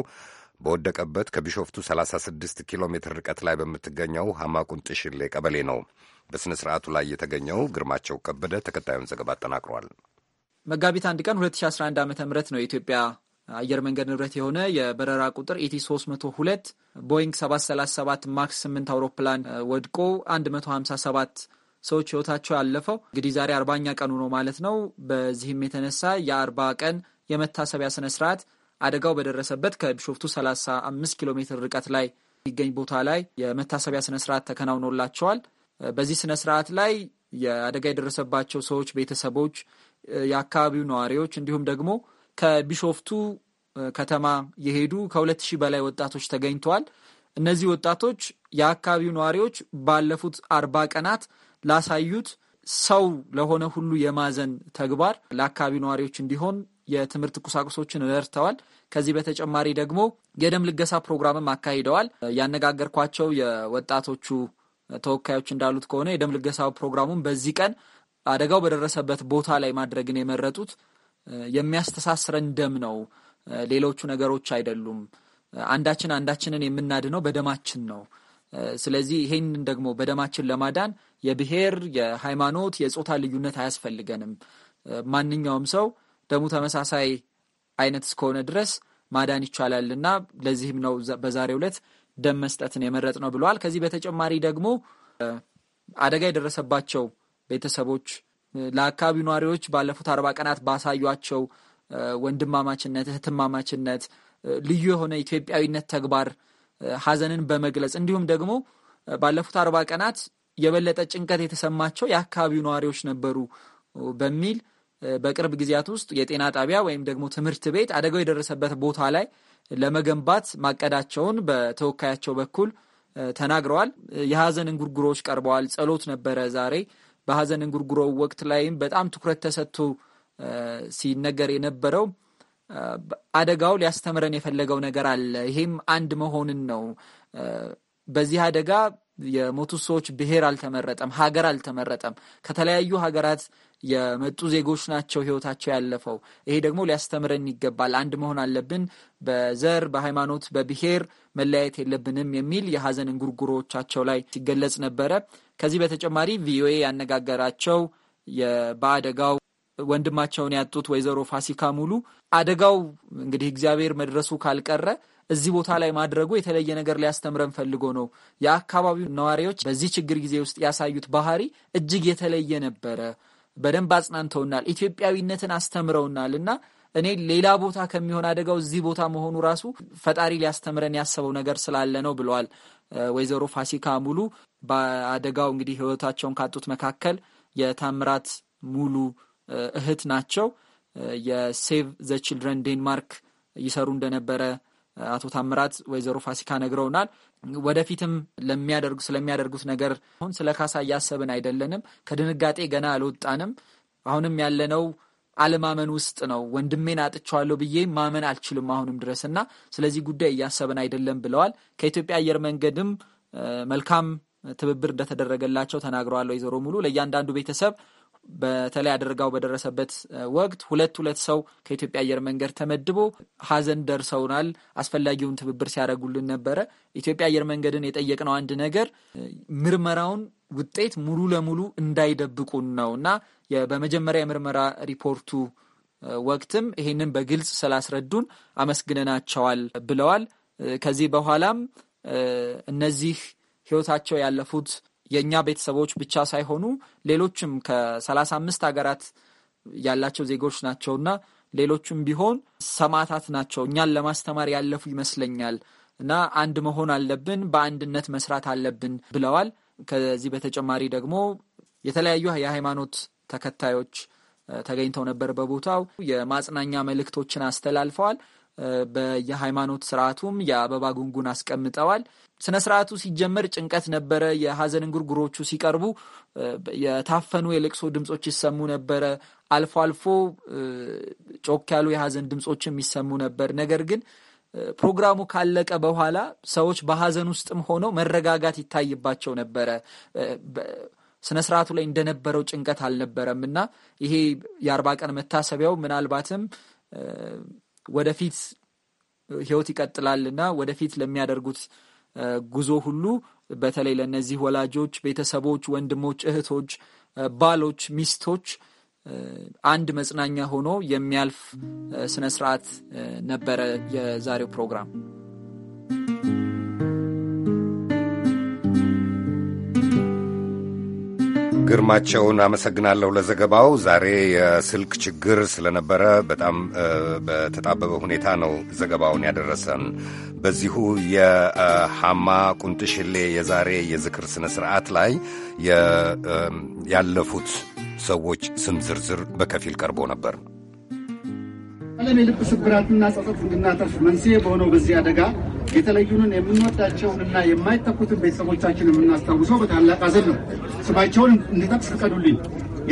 በወደቀበት ከቢሾፍቱ 36 ኪሎ ሜትር ርቀት ላይ በምትገኘው ሐማቁን ጥሽሌ ቀበሌ ነው። በሥነ ሥርዓቱ ላይ የተገኘው ግርማቸው ከበደ ተከታዩን ዘገባ አጠናቅሯል። መጋቢት አንድ ቀን 2011 ዓ ም ነው የኢትዮጵያ አየር መንገድ ንብረት የሆነ የበረራ ቁጥር ኢቲ 302 ቦይንግ 737 ማክስ 8 አውሮፕላን ወድቆ 157 ሰዎች ህይወታቸው ያለፈው እንግዲህ ዛሬ አርባኛ ቀኑ ነው ማለት ነው። በዚህም የተነሳ የአርባ ቀን የመታሰቢያ ስነ ስርዓት አደጋው በደረሰበት ከቢሾፍቱ 35 ኪሎ ሜትር ርቀት ላይ የሚገኝ ቦታ ላይ የመታሰቢያ ስነ ስርዓት ተከናውኖላቸዋል። በዚህ ስነ ስርዓት ላይ የአደጋ የደረሰባቸው ሰዎች ቤተሰቦች፣ የአካባቢው ነዋሪዎች እንዲሁም ደግሞ ከቢሾፍቱ ከተማ የሄዱ ከሁለት ሺህ በላይ ወጣቶች ተገኝተዋል። እነዚህ ወጣቶች የአካባቢው ነዋሪዎች ባለፉት አርባ ቀናት ላሳዩት ሰው ለሆነ ሁሉ የማዘን ተግባር ለአካባቢው ነዋሪዎች እንዲሆን የትምህርት ቁሳቁሶችን ረድተዋል። ከዚህ በተጨማሪ ደግሞ የደም ልገሳ ፕሮግራምም አካሂደዋል። ያነጋገርኳቸው የወጣቶቹ ተወካዮች እንዳሉት ከሆነ የደም ልገሳ ፕሮግራሙን በዚህ ቀን አደጋው በደረሰበት ቦታ ላይ ማድረግን የመረጡት የሚያስተሳስረን ደም ነው፣ ሌሎቹ ነገሮች አይደሉም። አንዳችን አንዳችንን የምናድነው በደማችን ነው። ስለዚህ ይሄንን ደግሞ በደማችን ለማዳን የብሔር፣ የሃይማኖት፣ የጾታ ልዩነት አያስፈልገንም። ማንኛውም ሰው ደሙ ተመሳሳይ አይነት እስከሆነ ድረስ ማዳን ይቻላልና ለዚህም ነው በዛሬው ዕለት ደም መስጠትን የመረጥ ነው ብለዋል። ከዚህ በተጨማሪ ደግሞ አደጋ የደረሰባቸው ቤተሰቦች ለአካባቢው ነዋሪዎች ባለፉት አርባ ቀናት ባሳዩቸው ወንድማማችነት፣ እህትማማችነት ልዩ የሆነ ኢትዮጵያዊነት ተግባር ሀዘንን በመግለጽ እንዲሁም ደግሞ ባለፉት አርባ ቀናት የበለጠ ጭንቀት የተሰማቸው የአካባቢው ነዋሪዎች ነበሩ በሚል በቅርብ ጊዜያት ውስጥ የጤና ጣቢያ ወይም ደግሞ ትምህርት ቤት አደጋው የደረሰበት ቦታ ላይ ለመገንባት ማቀዳቸውን በተወካያቸው በኩል ተናግረዋል። የሀዘን እንጉርጉሮዎች ቀርበዋል። ጸሎት ነበረ ዛሬ። በሀዘን እንጉርጉሮ ወቅት ላይም በጣም ትኩረት ተሰጥቶ ሲነገር የነበረው አደጋው ሊያስተምረን የፈለገው ነገር አለ። ይሄም አንድ መሆንን ነው። በዚህ አደጋ የሞቱ ሰዎች ብሔር አልተመረጠም፣ ሀገር አልተመረጠም። ከተለያዩ ሀገራት የመጡ ዜጎች ናቸው ህይወታቸው ያለፈው። ይሄ ደግሞ ሊያስተምረን ይገባል። አንድ መሆን አለብን። በዘር በሃይማኖት፣ በብሔር መለያየት የለብንም የሚል የሀዘን እንጉርጉሮቻቸው ላይ ሲገለጽ ነበረ። ከዚህ በተጨማሪ ቪኦኤ ያነጋገራቸው በአደጋው ወንድማቸውን ያጡት ወይዘሮ ፋሲካ ሙሉ አደጋው እንግዲህ እግዚአብሔር መድረሱ ካልቀረ እዚህ ቦታ ላይ ማድረጉ የተለየ ነገር ሊያስተምረን ፈልጎ ነው። የአካባቢው ነዋሪዎች በዚህ ችግር ጊዜ ውስጥ ያሳዩት ባህሪ እጅግ የተለየ ነበረ። በደንብ አጽናንተውናል፣ ኢትዮጵያዊነትን አስተምረውናል እና እኔ ሌላ ቦታ ከሚሆን አደጋው እዚህ ቦታ መሆኑ ራሱ ፈጣሪ ሊያስተምረን ያሰበው ነገር ስላለ ነው ብለዋል ወይዘሮ ፋሲካ ሙሉ። በአደጋው እንግዲህ ህይወታቸውን ካጡት መካከል የታምራት ሙሉ እህት ናቸው። የሴቭ ዘ ችልድረን ዴንማርክ ይሰሩ እንደነበረ አቶ ታምራት ወይዘሮ ፋሲካ ነግረውናል። ወደፊትም ለሚያደርጉ ስለሚያደርጉት ነገር አሁን ስለ ካሳ እያሰብን አይደለንም። ከድንጋጤ ገና አልወጣንም። አሁንም ያለነው አለማመን ውስጥ ነው። ወንድሜን አጥቸዋለሁ ብዬ ማመን አልችልም አሁንም ድረስ እና ስለዚህ ጉዳይ እያሰብን አይደለም ብለዋል። ከኢትዮጵያ አየር መንገድም መልካም ትብብር እንደተደረገላቸው ተናግረዋል። ወይዘሮ ሙሉ ለእያንዳንዱ ቤተሰብ በተለይ አደጋው በደረሰበት ወቅት ሁለት ሁለት ሰው ከኢትዮጵያ አየር መንገድ ተመድቦ ሀዘን ደርሰውናል፣ አስፈላጊውን ትብብር ሲያደርጉልን ነበረ። ኢትዮጵያ አየር መንገድን የጠየቅነው አንድ ነገር ምርመራውን ውጤት ሙሉ ለሙሉ እንዳይደብቁን ነው እና በመጀመሪያ የምርመራ ሪፖርቱ ወቅትም ይህንን በግልጽ ስላስረዱን አመስግነናቸዋል ብለዋል። ከዚህ በኋላም እነዚህ ህይወታቸው ያለፉት የእኛ ቤተሰቦች ብቻ ሳይሆኑ ሌሎችም ከሰላሳ አምስት ሀገራት ያላቸው ዜጎች ናቸውና ሌሎችም ቢሆን ሰማዕታት ናቸው። እኛን ለማስተማር ያለፉ ይመስለኛል እና አንድ መሆን አለብን፣ በአንድነት መስራት አለብን ብለዋል። ከዚህ በተጨማሪ ደግሞ የተለያዩ የሃይማኖት ተከታዮች ተገኝተው ነበር በቦታው የማጽናኛ መልእክቶችን አስተላልፈዋል። በየሃይማኖት ስርዓቱም የአበባ ጉንጉን አስቀምጠዋል። ስነ ስርዓቱ ሲጀመር ጭንቀት ነበረ። የሀዘን እንጉርጉሮቹ ሲቀርቡ የታፈኑ የልቅሶ ድምፆች ይሰሙ ነበረ። አልፎ አልፎ ጮክ ያሉ የሀዘን ድምፆች የሚሰሙ ነበር። ነገር ግን ፕሮግራሙ ካለቀ በኋላ ሰዎች በሀዘን ውስጥም ሆነው መረጋጋት ይታይባቸው ነበረ። ስነ ስርዓቱ ላይ እንደነበረው ጭንቀት አልነበረም እና ይሄ የአርባ ቀን መታሰቢያው ምናልባትም ወደፊት ህይወት ይቀጥላልና ወደፊት ለሚያደርጉት ጉዞ ሁሉ በተለይ ለእነዚህ ወላጆች፣ ቤተሰቦች፣ ወንድሞች፣ እህቶች፣ ባሎች፣ ሚስቶች አንድ መጽናኛ ሆኖ የሚያልፍ ስነ ስርዓት ነበረ የዛሬው ፕሮግራም። ግርማቸውን አመሰግናለሁ ለዘገባው። ዛሬ የስልክ ችግር ስለነበረ በጣም በተጣበበ ሁኔታ ነው ዘገባውን ያደረሰን። በዚሁ የሐማ ቁንጥሽሌ የዛሬ የዝክር ሥነ ሥርዓት ላይ ያለፉት ሰዎች ስም ዝርዝር በከፊል ቀርቦ ነበር። ዓለም የልብ ስብራትና ጸጸት እንድናተርፍ መንስኤ በሆነው በዚህ አደጋ የተለዩንን የምንወዳቸውን እና የማይተኩትን ቤተሰቦቻችን የምናስታውሰው በታላቅ ሐዘን ነው። ስማቸውን እንድጠቅስ ፍቀዱልኝ።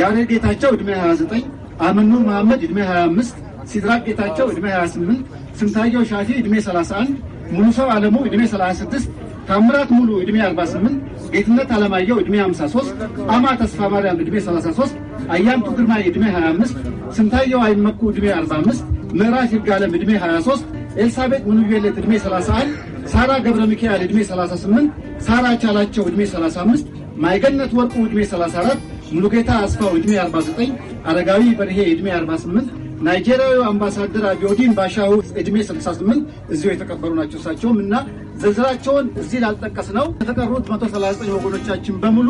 ያሬድ ጌታቸው ዕድሜ 29፣ አመኑር መሐመድ ዕድሜ 25፣ ሲድራቅ ጌታቸው ዕድሜ 28፣ ስንታየው ሻፊ ዕድሜ 31፣ ሙሉ ሰው አለሙ ዕድሜ 36 ታምራት ሙሉ ዕድሜ 48 ጌትነት አለማየሁ ዕድሜ 53 አማ ተስፋ ማርያም ዕድሜ 33 አያንቱ ግርማ ዕድሜ 25 ስንታየው አይመኩ ዕድሜ 45 ምዕራፍ ይርጋለም ዕድሜ 23 ኤልሳቤጥ ምንዩኤሌት እድሜ 31፣ ሳራ ገብረ ሚካኤል እድሜ 38፣ ሳራ ቻላቸው እድሜ 35፣ ማይገነት ወርቁ እድሜ 34፣ ሙሉጌታ አስፋው እድሜ 49፣ አረጋዊ በርሄ እድሜ 48፣ ናይጄሪያዊ አምባሳደር አቢዮዲን ባሻው እድሜ 68 እዚሁ የተቀበሩ ናቸው። እሳቸውም እና ዝርዝራቸውን እዚህ ላልጠቀስ ነው። የተቀሩት 139 ወገኖቻችን በሙሉ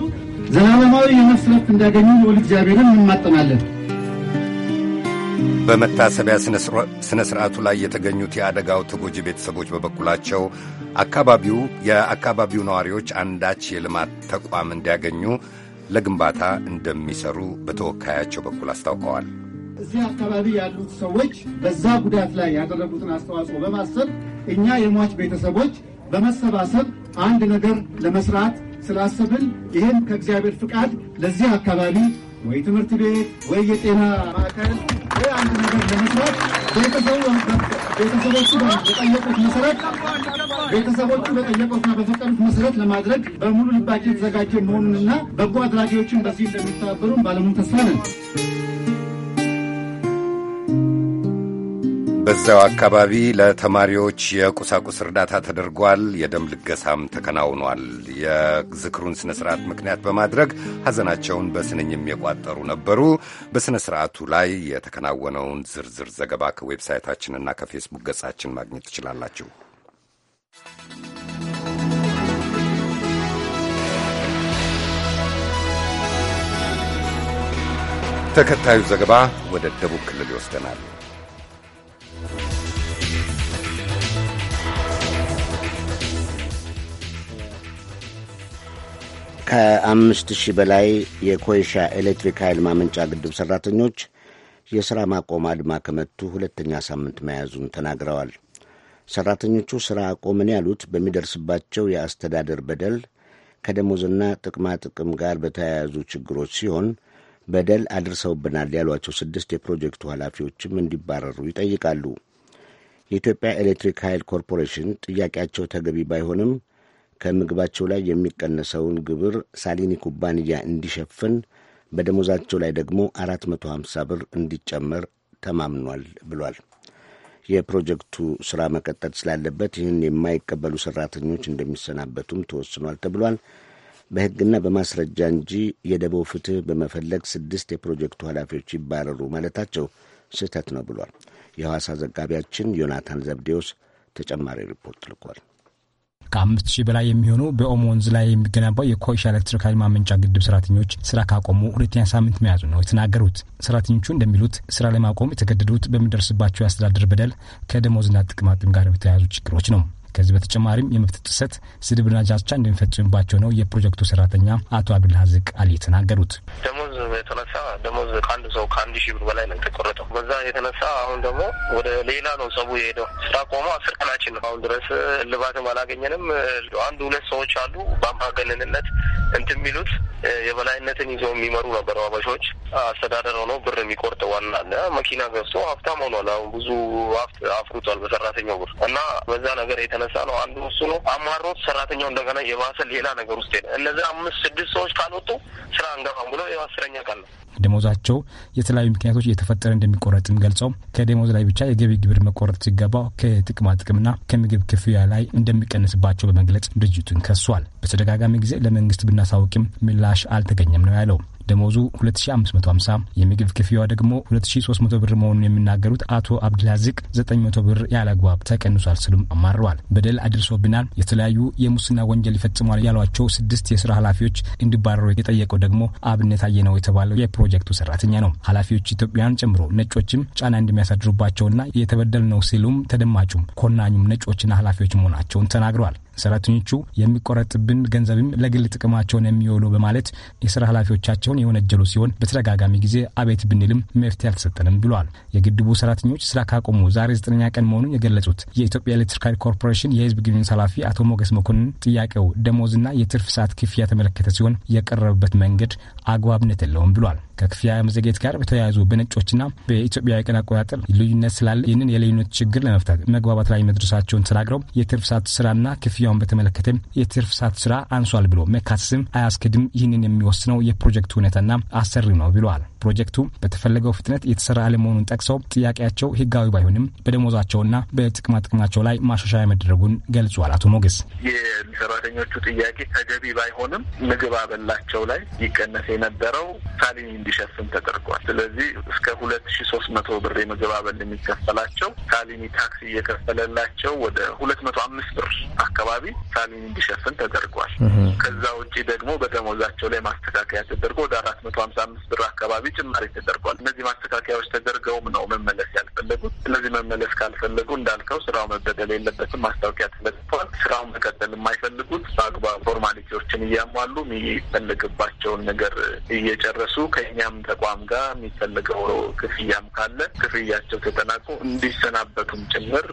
ዘላለማዊ የነፍስ ረፍት እንዲያገኙ ልዑል እግዚአብሔርን እንማጠናለን። በመታሰቢያ ሥነ ሥርዓቱ ላይ የተገኙት የአደጋው ተጎጂ ቤተሰቦች በበኩላቸው አካባቢው የአካባቢው ነዋሪዎች አንዳች የልማት ተቋም እንዲያገኙ ለግንባታ እንደሚሰሩ በተወካያቸው በኩል አስታውቀዋል። እዚህ አካባቢ ያሉት ሰዎች በዛ ጉዳት ላይ ያደረጉትን አስተዋጽኦ በማሰብ እኛ የሟች ቤተሰቦች በመሰባሰብ አንድ ነገር ለመስራት ስላሰብን ይህም ከእግዚአብሔር ፍቃድ ለዚህ አካባቢ ወይ ትምህርት ቤት ወይ የጤና ማዕከል ወይ አንድ ነገር ለመስራት ቤተሰቦቹ በጠየቁት መሰረት ቤተሰቦቹ በጠየቁትና በፈቀዱት መሰረት ለማድረግ በሙሉ ልባቸው የተዘጋጀ መሆኑንና በጎ አድራጊዎችን በዚህ እንደሚተባበሩን ባለሙሉ ተስፋ ነን። በዛው አካባቢ ለተማሪዎች የቁሳቁስ እርዳታ ተደርጓል። የደም ልገሳም ተከናውኗል። የዝክሩን ስነ ስርዓት ምክንያት በማድረግ ሐዘናቸውን በስንኝ የሚቋጠሩ ነበሩ። በስነ ስርዓቱ ላይ የተከናወነውን ዝርዝር ዘገባ ከዌብሳይታችንና ከፌስቡክ ገጻችን ማግኘት ትችላላችሁ። ተከታዩ ዘገባ ወደ ደቡብ ክልል ይወስደናል። ከአምስት ሺህ በላይ የኮይሻ ኤሌክትሪክ ኃይል ማመንጫ ግድብ ሠራተኞች የሥራ ማቆም አድማ ከመቱ ሁለተኛ ሳምንት መያዙን ተናግረዋል። ሠራተኞቹ ሥራ አቆምን ያሉት በሚደርስባቸው የአስተዳደር በደል ከደሞዝና ጥቅማ ጥቅም ጋር በተያያዙ ችግሮች ሲሆን በደል አድርሰውብናል ያሏቸው ስድስት የፕሮጀክቱ ኃላፊዎችም እንዲባረሩ ይጠይቃሉ። የኢትዮጵያ ኤሌክትሪክ ኃይል ኮርፖሬሽን ጥያቄያቸው ተገቢ ባይሆንም ከምግባቸው ላይ የሚቀነሰውን ግብር ሳሊኒ ኩባንያ እንዲሸፍን በደሞዛቸው ላይ ደግሞ 450 ብር እንዲጨመር ተማምኗል ብሏል። የፕሮጀክቱ ስራ መቀጠል ስላለበት ይህን የማይቀበሉ ሰራተኞች እንደሚሰናበቱም ተወስኗል ተብሏል። በሕግና በማስረጃ እንጂ የደቦ ፍትህ በመፈለግ ስድስት የፕሮጀክቱ ኃላፊዎች ይባረሩ ማለታቸው ስህተት ነው ብሏል። የሐዋሳ ዘጋቢያችን ዮናታን ዘብዴዎስ ተጨማሪ ሪፖርት ልኳል። ከአምስት ሺህ በላይ የሚሆኑ በኦሞ ወንዝ ላይ የሚገነባው የኮይሻ ኤሌክትሪክ ኃይል ማመንጫ ግድብ ሰራተኞች ስራ ካቆሙ ሁለተኛ ሳምንት መያዙ ነው የተናገሩት። ሰራተኞቹ እንደሚሉት ስራ ለማቆም የተገደዱት በሚደርስባቸው የአስተዳደር በደል ከደሞዝና ጥቅማጥም ጋር የተያዙ ችግሮች ነው። ከዚህ በተጨማሪም የመብት ጥሰት፣ ስድብና ዛቻ እንደሚፈጽምባቸው ነው የፕሮጀክቱ ሰራተኛ አቶ አብድልሀዝቅ አሊ የተናገሩት። ደሞዝ የተነሳ ደሞዝ ከአንድ ሰው ከአንድ ሺህ ብር በላይ ነው የተቆረጠው። በዛ የተነሳ አሁን ደግሞ ወደ ሌላ ነው ጸቡ የሄደው። ስራ ቆሞ አስር ቀናችን ነው። አሁን ድረስ እልባትም አላገኘንም። አንድ ሁለት ሰዎች አሉ በአምባገነንነት እንትን የሚሉት የበላይነትን ይዘው የሚመሩ ነበር። አበሾች አስተዳደር ሆነው ብር የሚቆርጥ ዋና መኪና ገዝቶ ሀብታም ሆኗል። አሁን ብዙ ሀብት አፍሩቷል በሰራተኛው ብር እና በዛ ነገር የተነ የተነሳ ነው። አንዱ እሱ ነው። አማሮት ሰራተኛው እንደገና የባሰ ሌላ ነገር ውስጥ ሄደ። እነዚህ አምስት ስድስት ሰዎች ካልወጡ ስራ አንገባም ብሎ የአስረኛ ቀን ነው ደሞዛቸው የተለያዩ ምክንያቶች እየተፈጠረ እንደሚቆረጥም ገልጸው ከደሞዝ ላይ ብቻ የገቢ ግብር መቆረጥ ሲገባው ከጥቅማ ጥቅምና ከምግብ ክፍያ ላይ እንደሚቀንስባቸው በመግለጽ ድርጅቱን ከሷል። በተደጋጋሚ ጊዜ ለመንግስት ብናሳውቅም ምላሽ አልተገኘም ነው ያለው። ደሞዙ 2550 የምግብ ክፍያዋ ደግሞ 2300 ብር መሆኑን የሚናገሩት አቶ አብድልአዚቅ 900 ብር ያለአግባብ ተቀንሷል ስሉም አማረዋል። በደል አድርሶብናል፣ የተለያዩ የሙስና ወንጀል ይፈጽሟል ያሏቸው ስድስት የስራ ኃላፊዎች እንዲባረሩ የጠየቀው ደግሞ አብነት አየነው የተባለው የፕሮጀክቱ ሰራተኛ ነው። ኃላፊዎች ኢትዮጵያን ጨምሮ ነጮችም ጫና እንደሚያሳድሩባቸውና ነው ሲሉም ተደማጩም ኮናኙም ነጮችና ኃላፊዎች መሆናቸውን ተናግረዋል። ሰራተኞቹ የሚቆረጥብን ገንዘብም ለግል ጥቅማቸውን የሚውሉ በማለት የስራ ኃላፊዎቻቸውን የወነጀሉ ሲሆን በተደጋጋሚ ጊዜ አቤት ብንልም መፍትሄ አልተሰጠንም ብለዋል። የግድቡ ሰራተኞች ስራ ካቆሙ ዛሬ ዘጠነኛ ቀን መሆኑን የገለጹት የኢትዮጵያ ኤሌክትሪካል ኮርፖሬሽን የህዝብ ግንኙነት ኃላፊ አቶ ሞገስ መኮንን ጥያቄው ደሞዝና የትርፍ ሰዓት ክፍያ ተመለከተ ሲሆን የቀረበበት መንገድ አግባብነት የለውም ብሏል። ከክፍያ መዘግየት ጋር በተያያዙ በነጮችና በኢትዮጵያ የቀን አቆጣጠር ልዩነት ስላለ ይህንን የልዩነት ችግር ለመፍታት መግባባት ላይ መድረሳቸውን ተናግረው የትርፍ ሰዓት ስራና ክፍያ ክፍያውን በተመለከተ የትርፍ ሰዓት ስራ አንሷል ብሎ መካሰስም አያስክድም። ይህንን የሚወስነው የፕሮጀክቱ ሁኔታና አሰሪው ነው ብለዋል። ፕሮጀክቱ በተፈለገው ፍጥነት የተሰራ አለመሆኑን ጠቅሰው ጥያቄያቸው ህጋዊ ባይሆንም በደሞዛቸውና በጥቅማ ጥቅማቸው ላይ ማሻሻያ መደረጉን ገልጿል። አቶ ሞገስ የሰራተኞቹ ጥያቄ ተገቢ ባይሆንም ምግብ አበላቸው ላይ ይቀነስ የነበረው ሳሊኒ እንዲሸፍን ተደርጓል። ስለዚህ እስከ ሁለት ሺ ሶስት መቶ ብር የምግብ አበል የሚከፈላቸው ሳሊኒ ታክስ እየከፈለላቸው ወደ ሁለት መቶ አምስት ብር አካባቢ ሳሊኒ እንዲሸፍን ተደርጓል። ከዛ ውጭ ደግሞ በደሞዛቸው ላይ ማስተካከያ ተደርጎ ወደ አራት መቶ ሀምሳ አምስት ብር አካባቢ ጭማሪ ተደርጓል። እነዚህ ማስተካከያዎች ተደርገውም ነው መመለስ ያልፈለጉት። እነዚህ መመለስ ካልፈለጉ እንዳልከው ስራው መበደል የለበትም ማስታወቂያ ተለጥፏል። ስራውን መቀጠል የማይፈልጉት በአግባብ ፎርማሊቲዎችን እያሟሉ የሚፈልግባቸውን ነገር እየጨረሱ ከእኛም ተቋም ጋር የሚፈልገው ክፍያም ካለ ክፍያቸው ተጠናቆ እንዲሰናበቱም ጭምር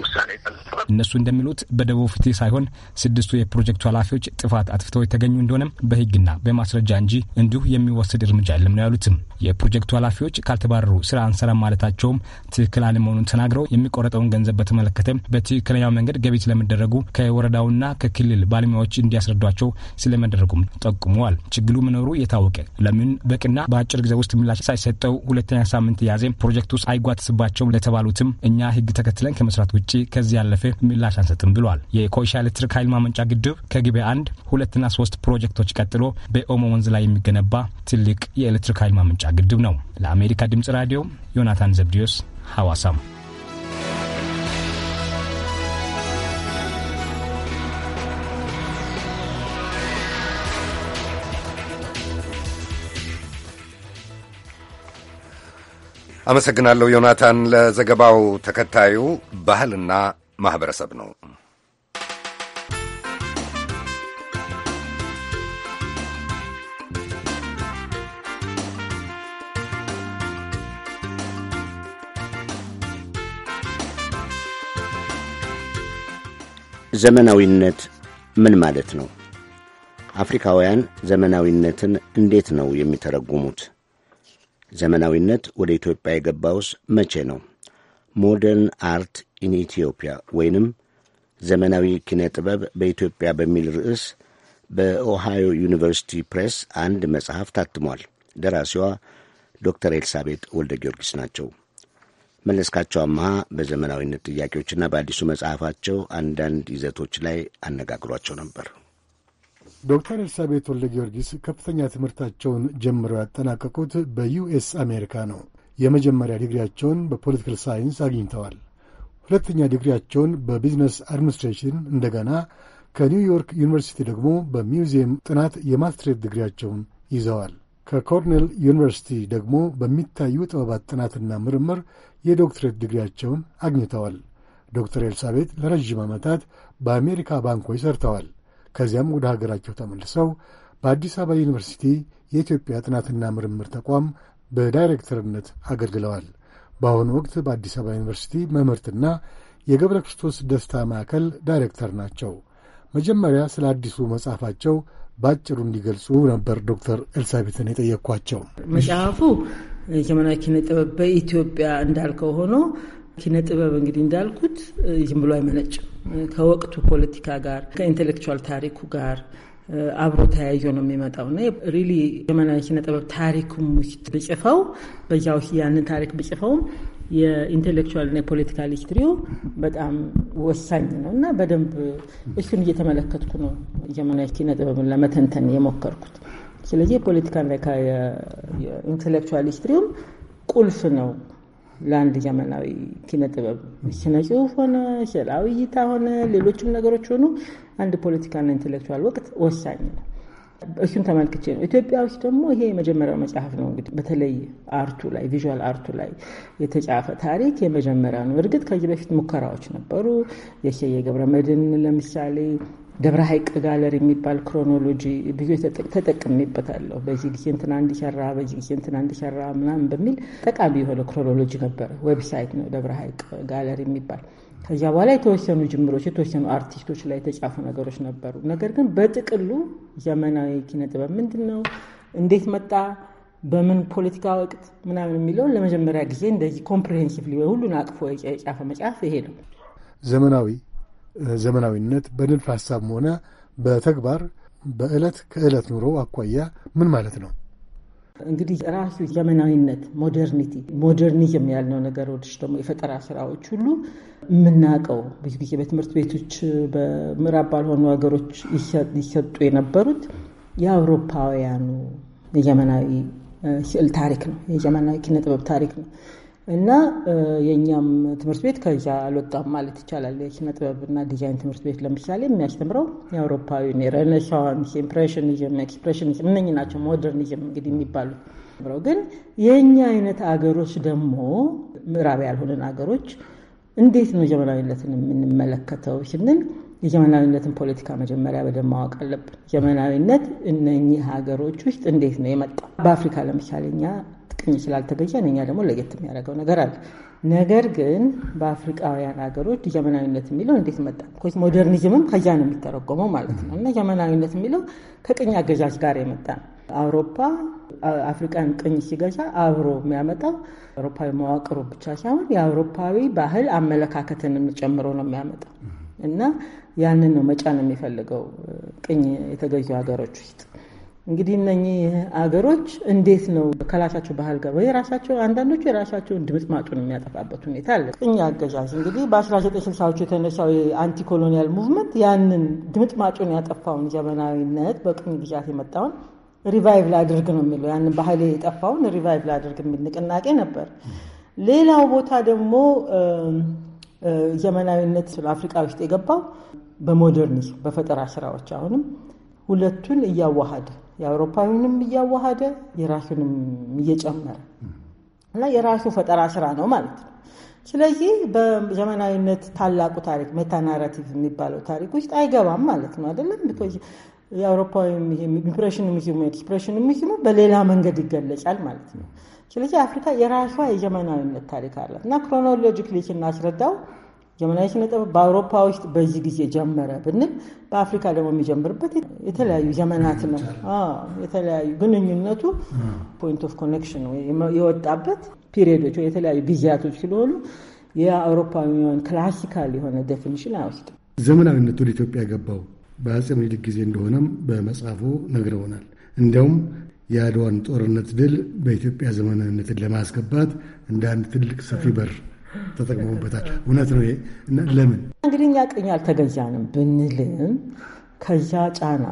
ውሳኔ ተለጥፏል። እነሱ እንደሚሉት በደቡብ ፍትህ ሳይሆን ስድስቱ የፕሮጀክቱ ኃላፊዎች ጥፋት አጥፍተው የተገኙ እንደሆነም በህግና በማስረጃ እንጂ እንዲሁ የሚወሰድ እርምጃ የለም ነው ያሉትም። የፕሮጀክቱ ኃላፊዎች ካልተባረሩ ስራ አንሰራ ማለታቸውም ትክክል አለመሆኑን ተናግረው የሚቆረጠውን ገንዘብ በተመለከተ በትክክለኛው መንገድ ገቢ ስለመደረጉ ከወረዳውና ከክልል ባለሙያዎች እንዲያስረዷቸው ስለመደረጉም ጠቁመዋል። ችግሉ መኖሩ የታወቀ ለምን በቅና በአጭር ጊዜ ውስጥ ምላሽ ሳይሰጠው ሁለተኛ ሳምንት የያዘ ፕሮጀክት ውስጥ አይጓትስባቸውም ለተባሉትም እኛ ህግ ተከትለን ከመስራት ውጭ ከዚህ ያለፈ ምላሽ አንሰጥም ብሏል። የኮይሻ ኤሌክትሪክ ኃይል ማመንጫ ግድብ ከግቤ አንድ ሁለትና ሶስት ፕሮጀክቶች ቀጥሎ በኦሞ ወንዝ ላይ የሚገነባ ትልቅ የኤሌክትሪክ ኃይል ማመንጫ ግድብ ነው። ለአሜሪካ ድምፅ ራዲዮ ዮናታን ዘብዲዮስ ሐዋሳም አመሰግናለሁ ዮናታን ለዘገባው። ተከታዩ ባህልና ማኅበረሰብ ነው። ዘመናዊነት ምን ማለት ነው? አፍሪካውያን ዘመናዊነትን እንዴት ነው የሚተረጉሙት? ዘመናዊነት ወደ ኢትዮጵያ የገባውስ መቼ ነው? ሞደርን አርት ኢን ኢትዮጵያ ወይንም ዘመናዊ ኪነ ጥበብ በኢትዮጵያ በሚል ርዕስ በኦሃዮ ዩኒቨርሲቲ ፕሬስ አንድ መጽሐፍ ታትሟል። ደራሲዋ ዶክተር ኤልሳቤጥ ወልደ ጊዮርጊስ ናቸው። መለስካቸው አመሃ በዘመናዊነት ጥያቄዎችና በአዲሱ መጽሐፋቸው አንዳንድ ይዘቶች ላይ አነጋግሯቸው ነበር። ዶክተር ኤልሳቤት ወልደ ጊዮርጊስ ከፍተኛ ትምህርታቸውን ጀምረው ያጠናቀቁት በዩኤስ አሜሪካ ነው። የመጀመሪያ ዲግሪያቸውን በፖለቲካል ሳይንስ አግኝተዋል። ሁለተኛ ዲግሪያቸውን በቢዝነስ አድሚኒስትሬሽን እንደገና ከኒውዮርክ ዩኒቨርሲቲ ደግሞ በሚውዚየም ጥናት የማስትሬት ዲግሪያቸውን ይዘዋል። ከኮርኔል ዩኒቨርሲቲ ደግሞ በሚታዩ ጥበባት ጥናትና ምርምር የዶክትሬት ዲግሪያቸውን አግኝተዋል። ዶክተር ኤልሳቤት ለረዥም ዓመታት በአሜሪካ ባንኮች ሰርተዋል። ከዚያም ወደ ሀገራቸው ተመልሰው በአዲስ አበባ ዩኒቨርሲቲ የኢትዮጵያ ጥናትና ምርምር ተቋም በዳይሬክተርነት አገልግለዋል። በአሁኑ ወቅት በአዲስ አበባ ዩኒቨርሲቲ መምህርትና የገብረ ክርስቶስ ደስታ ማዕከል ዳይሬክተር ናቸው። መጀመሪያ ስለ አዲሱ መጽሐፋቸው በአጭሩ እንዲገልጹ ነበር ዶክተር ኤልሳቤትን የጠየቅኳቸው። መጽሐፉ የዘመናዊ ኪነ ጥበብ በኢትዮጵያ እንዳልከው ሆኖ ኪነ ጥበብ እንግዲህ እንዳልኩት ዝም ብሎ አይመነጭም። ከወቅቱ ፖለቲካ ጋር ከኢንቴሌክቹዋል ታሪኩ ጋር አብሮ ተያይዞ ነው የሚመጣው እና ሪሊ ዘመናዊ ኪነ ጥበብ ታሪኩም ውስጥ ብጽፈው ውስጥ ያንን ታሪክ ብጽፈውም የኢንቴሌክቹዋል እና የፖለቲካል ሂስትሪው በጣም ወሳኝ ነው እና በደንብ እሱን እየተመለከትኩ ነው ዘመናዊ ኪነ ጥበብን ለመተንተን የሞከርኩት። ስለዚህ የፖለቲካ የኢንቴሌክቹዋል ሂስትሪውም ቁልፍ ነው ለአንድ ዘመናዊ ኪነ ጥበብ ስነ ጽሁፍ ሆነ ስዕላዊ እይታ ሆነ ሌሎችም ነገሮች ሆኑ አንድ ፖለቲካና ኢንቴሌክቹዋል ወቅት ወሳኝ ነው። እሱን ተመልክቼ ነው። ኢትዮጵያ ውስጥ ደግሞ ይሄ የመጀመሪያው መጽሐፍ ነው። እንግዲህ በተለይ አርቱ ላይ ቪዥዋል አርቱ ላይ የተጻፈ ታሪክ የመጀመሪያ ነው። እርግጥ ከዚህ በፊት ሙከራዎች ነበሩ። የእሴየ ገብረ መድን ለምሳሌ ደብረ ሀይቅ ጋለር የሚባል ክሮኖሎጂ ብዙ ተጠቅሜበታለሁ። በዚህ ጊዜ እንትና እንዲሰራ፣ በዚህ ጊዜ እንትና እንዲሰራ ምናምን በሚል ጠቃሚ የሆነ ክሮኖሎጂ ነበር። ዌብሳይት ነው ደብረ ሀይቅ ጋለር የሚባል። ከዚያ በኋላ የተወሰኑ ጅምሮች የተወሰኑ አርቲስቶች ላይ የተጻፉ ነገሮች ነበሩ። ነገር ግን በጥቅሉ ዘመናዊ ኪነ ጥበብ ምንድን ነው፣ እንዴት መጣ፣ በምን ፖለቲካ ወቅት ምናምን የሚለውን ለመጀመሪያ ጊዜ እንደዚህ ኮምፕሬሄንሲቭ ሁሉን አቅፎ የጻፈ መጽሐፍ ይሄ ነው ዘመናዊ ዘመናዊነት በንድፍ ሐሳብም ሆነ በተግባር በዕለት ከዕለት ኑሮ አኳያ ምን ማለት ነው? እንግዲህ ራሱ ዘመናዊነት ሞደርኒቲ ሞደርኒዝም ያልነው ነገሮች ደግሞ የፈጠራ ስራዎች ሁሉ የምናውቀው ብዙ ጊዜ በትምህርት ቤቶች በምዕራብ ባልሆኑ ሀገሮች ይሰጡ የነበሩት የአውሮፓውያኑ የዘመናዊ ስዕል ታሪክ ነው። የዘመናዊ ኪነጥበብ ታሪክ ነው። እና የእኛም ትምህርት ቤት ከዛ አልወጣም ማለት ይቻላል። የኪነ ጥበብና ዲዛይን ትምህርት ቤት ለምሳሌ የሚያስተምረው የአውሮፓዊን የሬኔሳንስ፣ ኢምፕሬሽኒዝም፣ ኤክስፕሬሽኒዝም እነኝ ናቸው። ሞደርኒዝም እንግዲህ የሚባሉት ምረው ግን የእኛ አይነት አገሮች ደግሞ ምዕራብ ያልሆንን አገሮች እንዴት ነው ዘመናዊነትን የምንመለከተው ስንል የዘመናዊነትን ፖለቲካ መጀመሪያ በደንብ ማወቅ አለብን። ዘመናዊነት እነኚህ ሀገሮች ውስጥ እንዴት ነው የመጣው? በአፍሪካ ለምሳሌ እኛ በትክክል ስላልተገኘን እኛ ደግሞ ለየት የሚያደርገው ነገር አለ። ነገር ግን በአፍሪቃውያን ሀገሮች ዘመናዊነት የሚለው እንዴት መጣ? ሞደርኒዝምም ከዚያ ነው የሚተረጎመው ማለት ነው። እና ዘመናዊነት የሚለው ከቅኝ አገዛዝ ጋር የመጣ ነው። አውሮፓ አፍሪቃን ቅኝ ሲገዛ አብሮ የሚያመጣው አውሮፓዊ መዋቅሩ ብቻ ሳይሆን የአውሮፓዊ ባህል አመለካከትን ጨምሮ ነው የሚያመጣው እና ያንን ነው መጫን የሚፈልገው ቅኝ የተገዙ ሀገሮች ውስጥ እንግዲህ እነኚህ አገሮች እንዴት ነው ከራሳቸው ባህል ጋር ወይ ራሳቸው አንዳንዶቹ የራሳቸውን ድምፅ ማጡን የሚያጠፋበት ሁኔታ አለ። ቅኝ አገዛዝ እንግዲህ በ1960ዎቹ የተነሳው የአንቲ ኮሎኒያል ሙቭመንት ያንን ድምፅ ማጡን ያጠፋውን ዘመናዊነት በቅኝ ግዛት የመጣውን ሪቫይቭ ላድርግ ነው የሚለው ያንን ባህል የጠፋውን ሪቫይቭ ላድርግ የሚል ንቅናቄ ነበር። ሌላው ቦታ ደግሞ ዘመናዊነት አፍሪቃ ውስጥ የገባው በሞደርኒዝም በፈጠራ ስራዎች አሁንም ሁለቱን እያዋሃደ የአውሮፓዊንም እያዋሃደ የራሱንም እየጨመረ እና የራሱ ፈጠራ ስራ ነው ማለት ነው። ስለዚህ በዘመናዊነት ታላቁ ታሪክ ሜታናራቲቭ የሚባለው ታሪክ ውስጥ አይገባም ማለት ነው አይደለም። የአውሮፓዊ ኤክስፕሬሽን ኤክስፕሬሽኒዝም በሌላ መንገድ ይገለጫል ማለት ነው። ስለዚህ አፍሪካ የራሷ የዘመናዊነት ታሪክ አላት እና ክሮኖሎጂክሊ ስናስረዳው ጀመናችን ነጥብ በአውሮፓ ውስጥ በዚህ ጊዜ ጀመረ ብንል በአፍሪካ ደግሞ የሚጀምርበት የተለያዩ ዘመናት ነው። የተለያዩ ግንኙነቱ ፖይንት ኦፍ ኮኔክሽን የወጣበት ፒሪዮዶች ወይ የተለያዩ ጊዜያቶች ስለሆኑ የአውሮፓዊያን ክላሲካል የሆነ ዴፊኒሽን አይወስድም። ዘመናዊነት ወደ ኢትዮጵያ የገባው በአጼ ምኒልክ ጊዜ እንደሆነም በመጽሐፉ ነግረውናል። እንዲያውም የአድዋን ጦርነት ድል በኢትዮጵያ ዘመናዊነትን ለማስገባት እንደ አንድ ትልቅ ሰፊ በር ተጠቅመውበታል። እውነት ነው እና ለምን እንግዲህ እኛ ቅኝ አልተገዛንም ብንልም ከዛ ጫና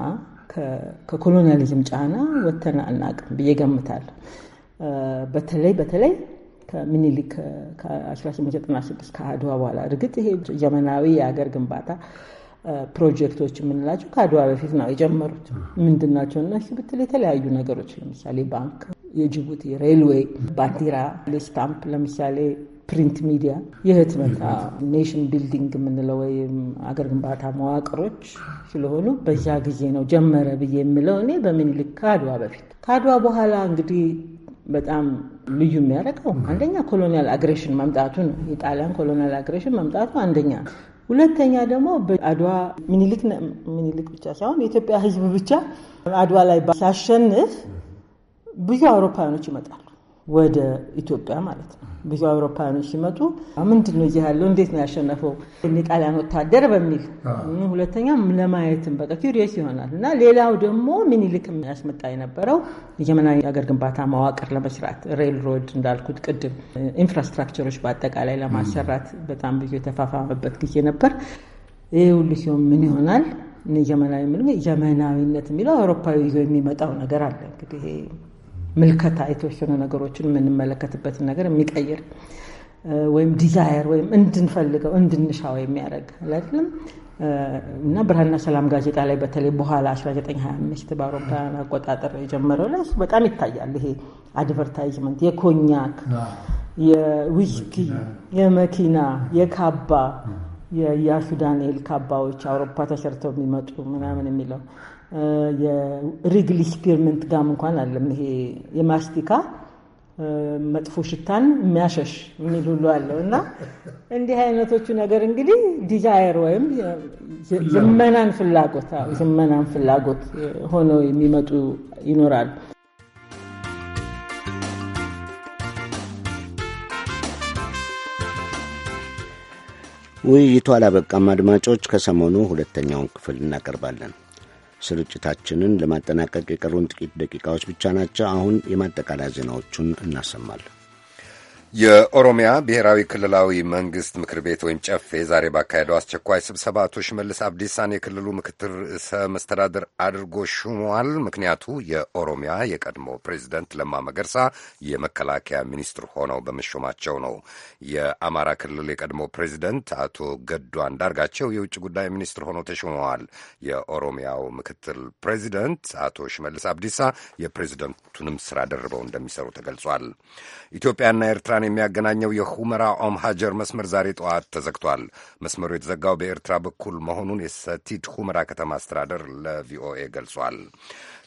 ከኮሎኒያሊዝም ጫና ወተን አናቅም ብዬ ገምታለሁ። በተለይ በተለይ ከምኒልክ ከ1896 ከአድዋ በኋላ እርግጥ ይሄ ዘመናዊ የሀገር ግንባታ ፕሮጀክቶች የምንላቸው ከአድዋ በፊት ነው የጀመሩት። ምንድን ናቸው እነሱ ብትል የተለያዩ ነገሮች ለምሳሌ ባንክ፣ የጅቡቲ ሬልዌይ፣ ባንዲራ፣ ስታምፕ ለምሳሌ ፕሪንት ሚዲያ፣ የህትመት ኔሽን ቢልዲንግ የምንለው ወይም አገር ግንባታ መዋቅሮች ስለሆኑ በዛ ጊዜ ነው ጀመረ ብዬ የምለው እኔ በምኒልክ ከአድዋ በፊት ከአድዋ በኋላ እንግዲህ በጣም ልዩ የሚያደርገው አንደኛ ኮሎኒያል አግሬሽን መምጣቱ ነው። የጣሊያን ኮሎኒያል አግሬሽን መምጣቱ አንደኛ ሁለተኛ ደግሞ በአድዋ ሚኒሊክ ሚኒሊክ ብቻ ሳይሆን የኢትዮጵያ ሕዝብ ብቻ አድዋ ላይ ሲያሸንፍ ብዙ አውሮፓውያኖች ይመጣሉ። ወደ ኢትዮጵያ ማለት ነው። ብዙ አውሮፓውያኖች ሲመጡ ምንድን ነው እዚህ ያለው እንዴት ነው ያሸነፈው የጣሊያን ወታደር በሚል ሁለተኛ ለማየትም በቃ ኪሪየስ ይሆናል እና ሌላው ደግሞ ምኒልክ ያስመጣ የነበረው የዘመናዊ ሀገር ግንባታ መዋቅር ለመስራት ሬልሮድ እንዳልኩት ቅድም ኢንፍራስትራክቸሮች በአጠቃላይ ለማሰራት በጣም ብዙ የተፋፋመበት ጊዜ ነበር። ይህ ሁሉ ሲሆን ምን ይሆናል ዘመናዊ ዘመናዊነት የሚለው አውሮፓዊ ይዞ የሚመጣው ነገር አለ እንግዲህ ምልከታ የተወሰኑ ነገሮችን የምንመለከትበትን ነገር የሚቀይር ወይም ዲዛየር ወይም እንድንፈልገው እንድንሻው የሚያደርግ አይደለም እና ብርሃንና ሰላም ጋዜጣ ላይ በተለይ በኋላ 1925 በአውሮፓውያን አቆጣጠር የጀመረው ላይ በጣም ይታያል። ይሄ አድቨርታይዝመንት የኮኛክ፣ የዊስኪ፣ የመኪና፣ የካባ የኢያሱ ዳንኤል ካባዎች አውሮፓ ተሰርተው የሚመጡ ምናምን የሚለው የሪግል ስፒርምንት ጋም እንኳን አለም ይሄ የማስቲካ መጥፎ ሽታን የሚያሸሽ የሚል ሁሉ አለው እና እንዲህ አይነቶቹ ነገር እንግዲህ ዲዛየር ወይም ዝመናን ፍላጎት ዝመናን ፍላጎት ሆነው የሚመጡ ይኖራሉ። ውይይቱ አላበቃም። አድማጮች ከሰሞኑ ሁለተኛውን ክፍል እናቀርባለን። ስርጭታችንን ለማጠናቀቅ የቀሩን ጥቂት ደቂቃዎች ብቻ ናቸው። አሁን የማጠቃለያ ዜናዎቹን እናሰማለን። የኦሮሚያ ብሔራዊ ክልላዊ መንግስት ምክር ቤት ወይም ጨፌ ዛሬ ባካሄደው አስቸኳይ ስብሰባ አቶ ሽመልስ አብዲሳን የክልሉ ምክትል ርዕሰ መስተዳድር አድርጎ ሹሟል። ምክንያቱ የኦሮሚያ የቀድሞ ፕሬዚደንት ለማ መገርሳ የመከላከያ ሚኒስትር ሆነው በመሾማቸው ነው። የአማራ ክልል የቀድሞ ፕሬዚደንት አቶ ገዱ አንዳርጋቸው የውጭ ጉዳይ ሚኒስትር ሆነው ተሾመዋል። የኦሮሚያው ምክትል ፕሬዚደንት አቶ ሽመልስ አብዲሳ የፕሬዚደንቱንም ስራ ደርበው እንደሚሰሩ ተገልጿል። ኢትዮጵያና ኤርትራን ሱዳን የሚያገናኘው የሁመራ ኦም ሀጀር መስመር ዛሬ ጠዋት ተዘግቷል። መስመሩ የተዘጋው በኤርትራ በኩል መሆኑን የሰቲድ ሁመራ ከተማ አስተዳደር ለቪኦኤ ገልጿል።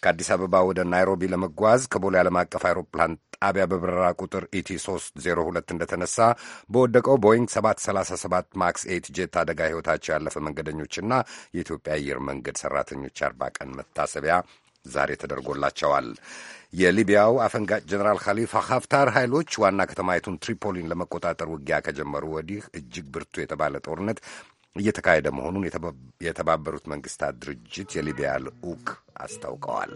ከአዲስ አበባ ወደ ናይሮቢ ለመጓዝ ከቦሌ ዓለም አቀፍ አይሮፕላን ጣቢያ በበረራ ቁጥር ኢቲ 302 እንደተነሳ በወደቀው ቦይንግ 737 ማክስ ኤት ጄት አደጋ ሕይወታቸው ያለፈ መንገደኞችና የኢትዮጵያ አየር መንገድ ሠራተኞች አርባ ቀን መታሰቢያ ዛሬ ተደርጎላቸዋል። የሊቢያው አፈንጋጭ ጀኔራል ካሊፋ ሀፍታር ኃይሎች ዋና ከተማይቱን ትሪፖሊን ለመቆጣጠር ውጊያ ከጀመሩ ወዲህ እጅግ ብርቱ የተባለ ጦርነት እየተካሄደ መሆኑን የተባበሩት መንግስታት ድርጅት የሊቢያ ልዑክ አስታውቀዋል።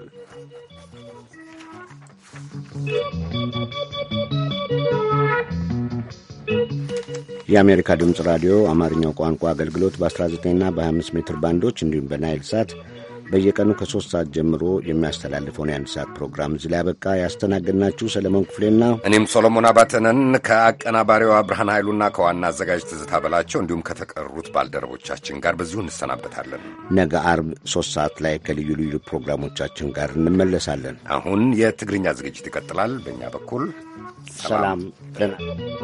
የአሜሪካ ድምፅ ራዲዮ አማርኛው ቋንቋ አገልግሎት በ19ና በ25 ሜትር ባንዶች እንዲሁም በናይል ሳት በየቀኑ ከሶስት ሰዓት ጀምሮ የሚያስተላልፈውን የአንድ ሰዓት ፕሮግራም እዚህ ላይ አበቃ። ያስተናገድናችሁ ሰለሞን ክፍሌና እኔም ሶሎሞን አባተነን ከአቀናባሪዋ ብርሃን ኃይሉና ከዋና አዘጋጅ ትዝታ በላቸው እንዲሁም ከተቀሩት ባልደረቦቻችን ጋር በዚሁ እንሰናበታለን። ነገ አርብ ሶስት ሰዓት ላይ ከልዩ ልዩ ፕሮግራሞቻችን ጋር እንመለሳለን። አሁን የትግርኛ ዝግጅት ይቀጥላል። በእኛ በኩል ሰላም ደህና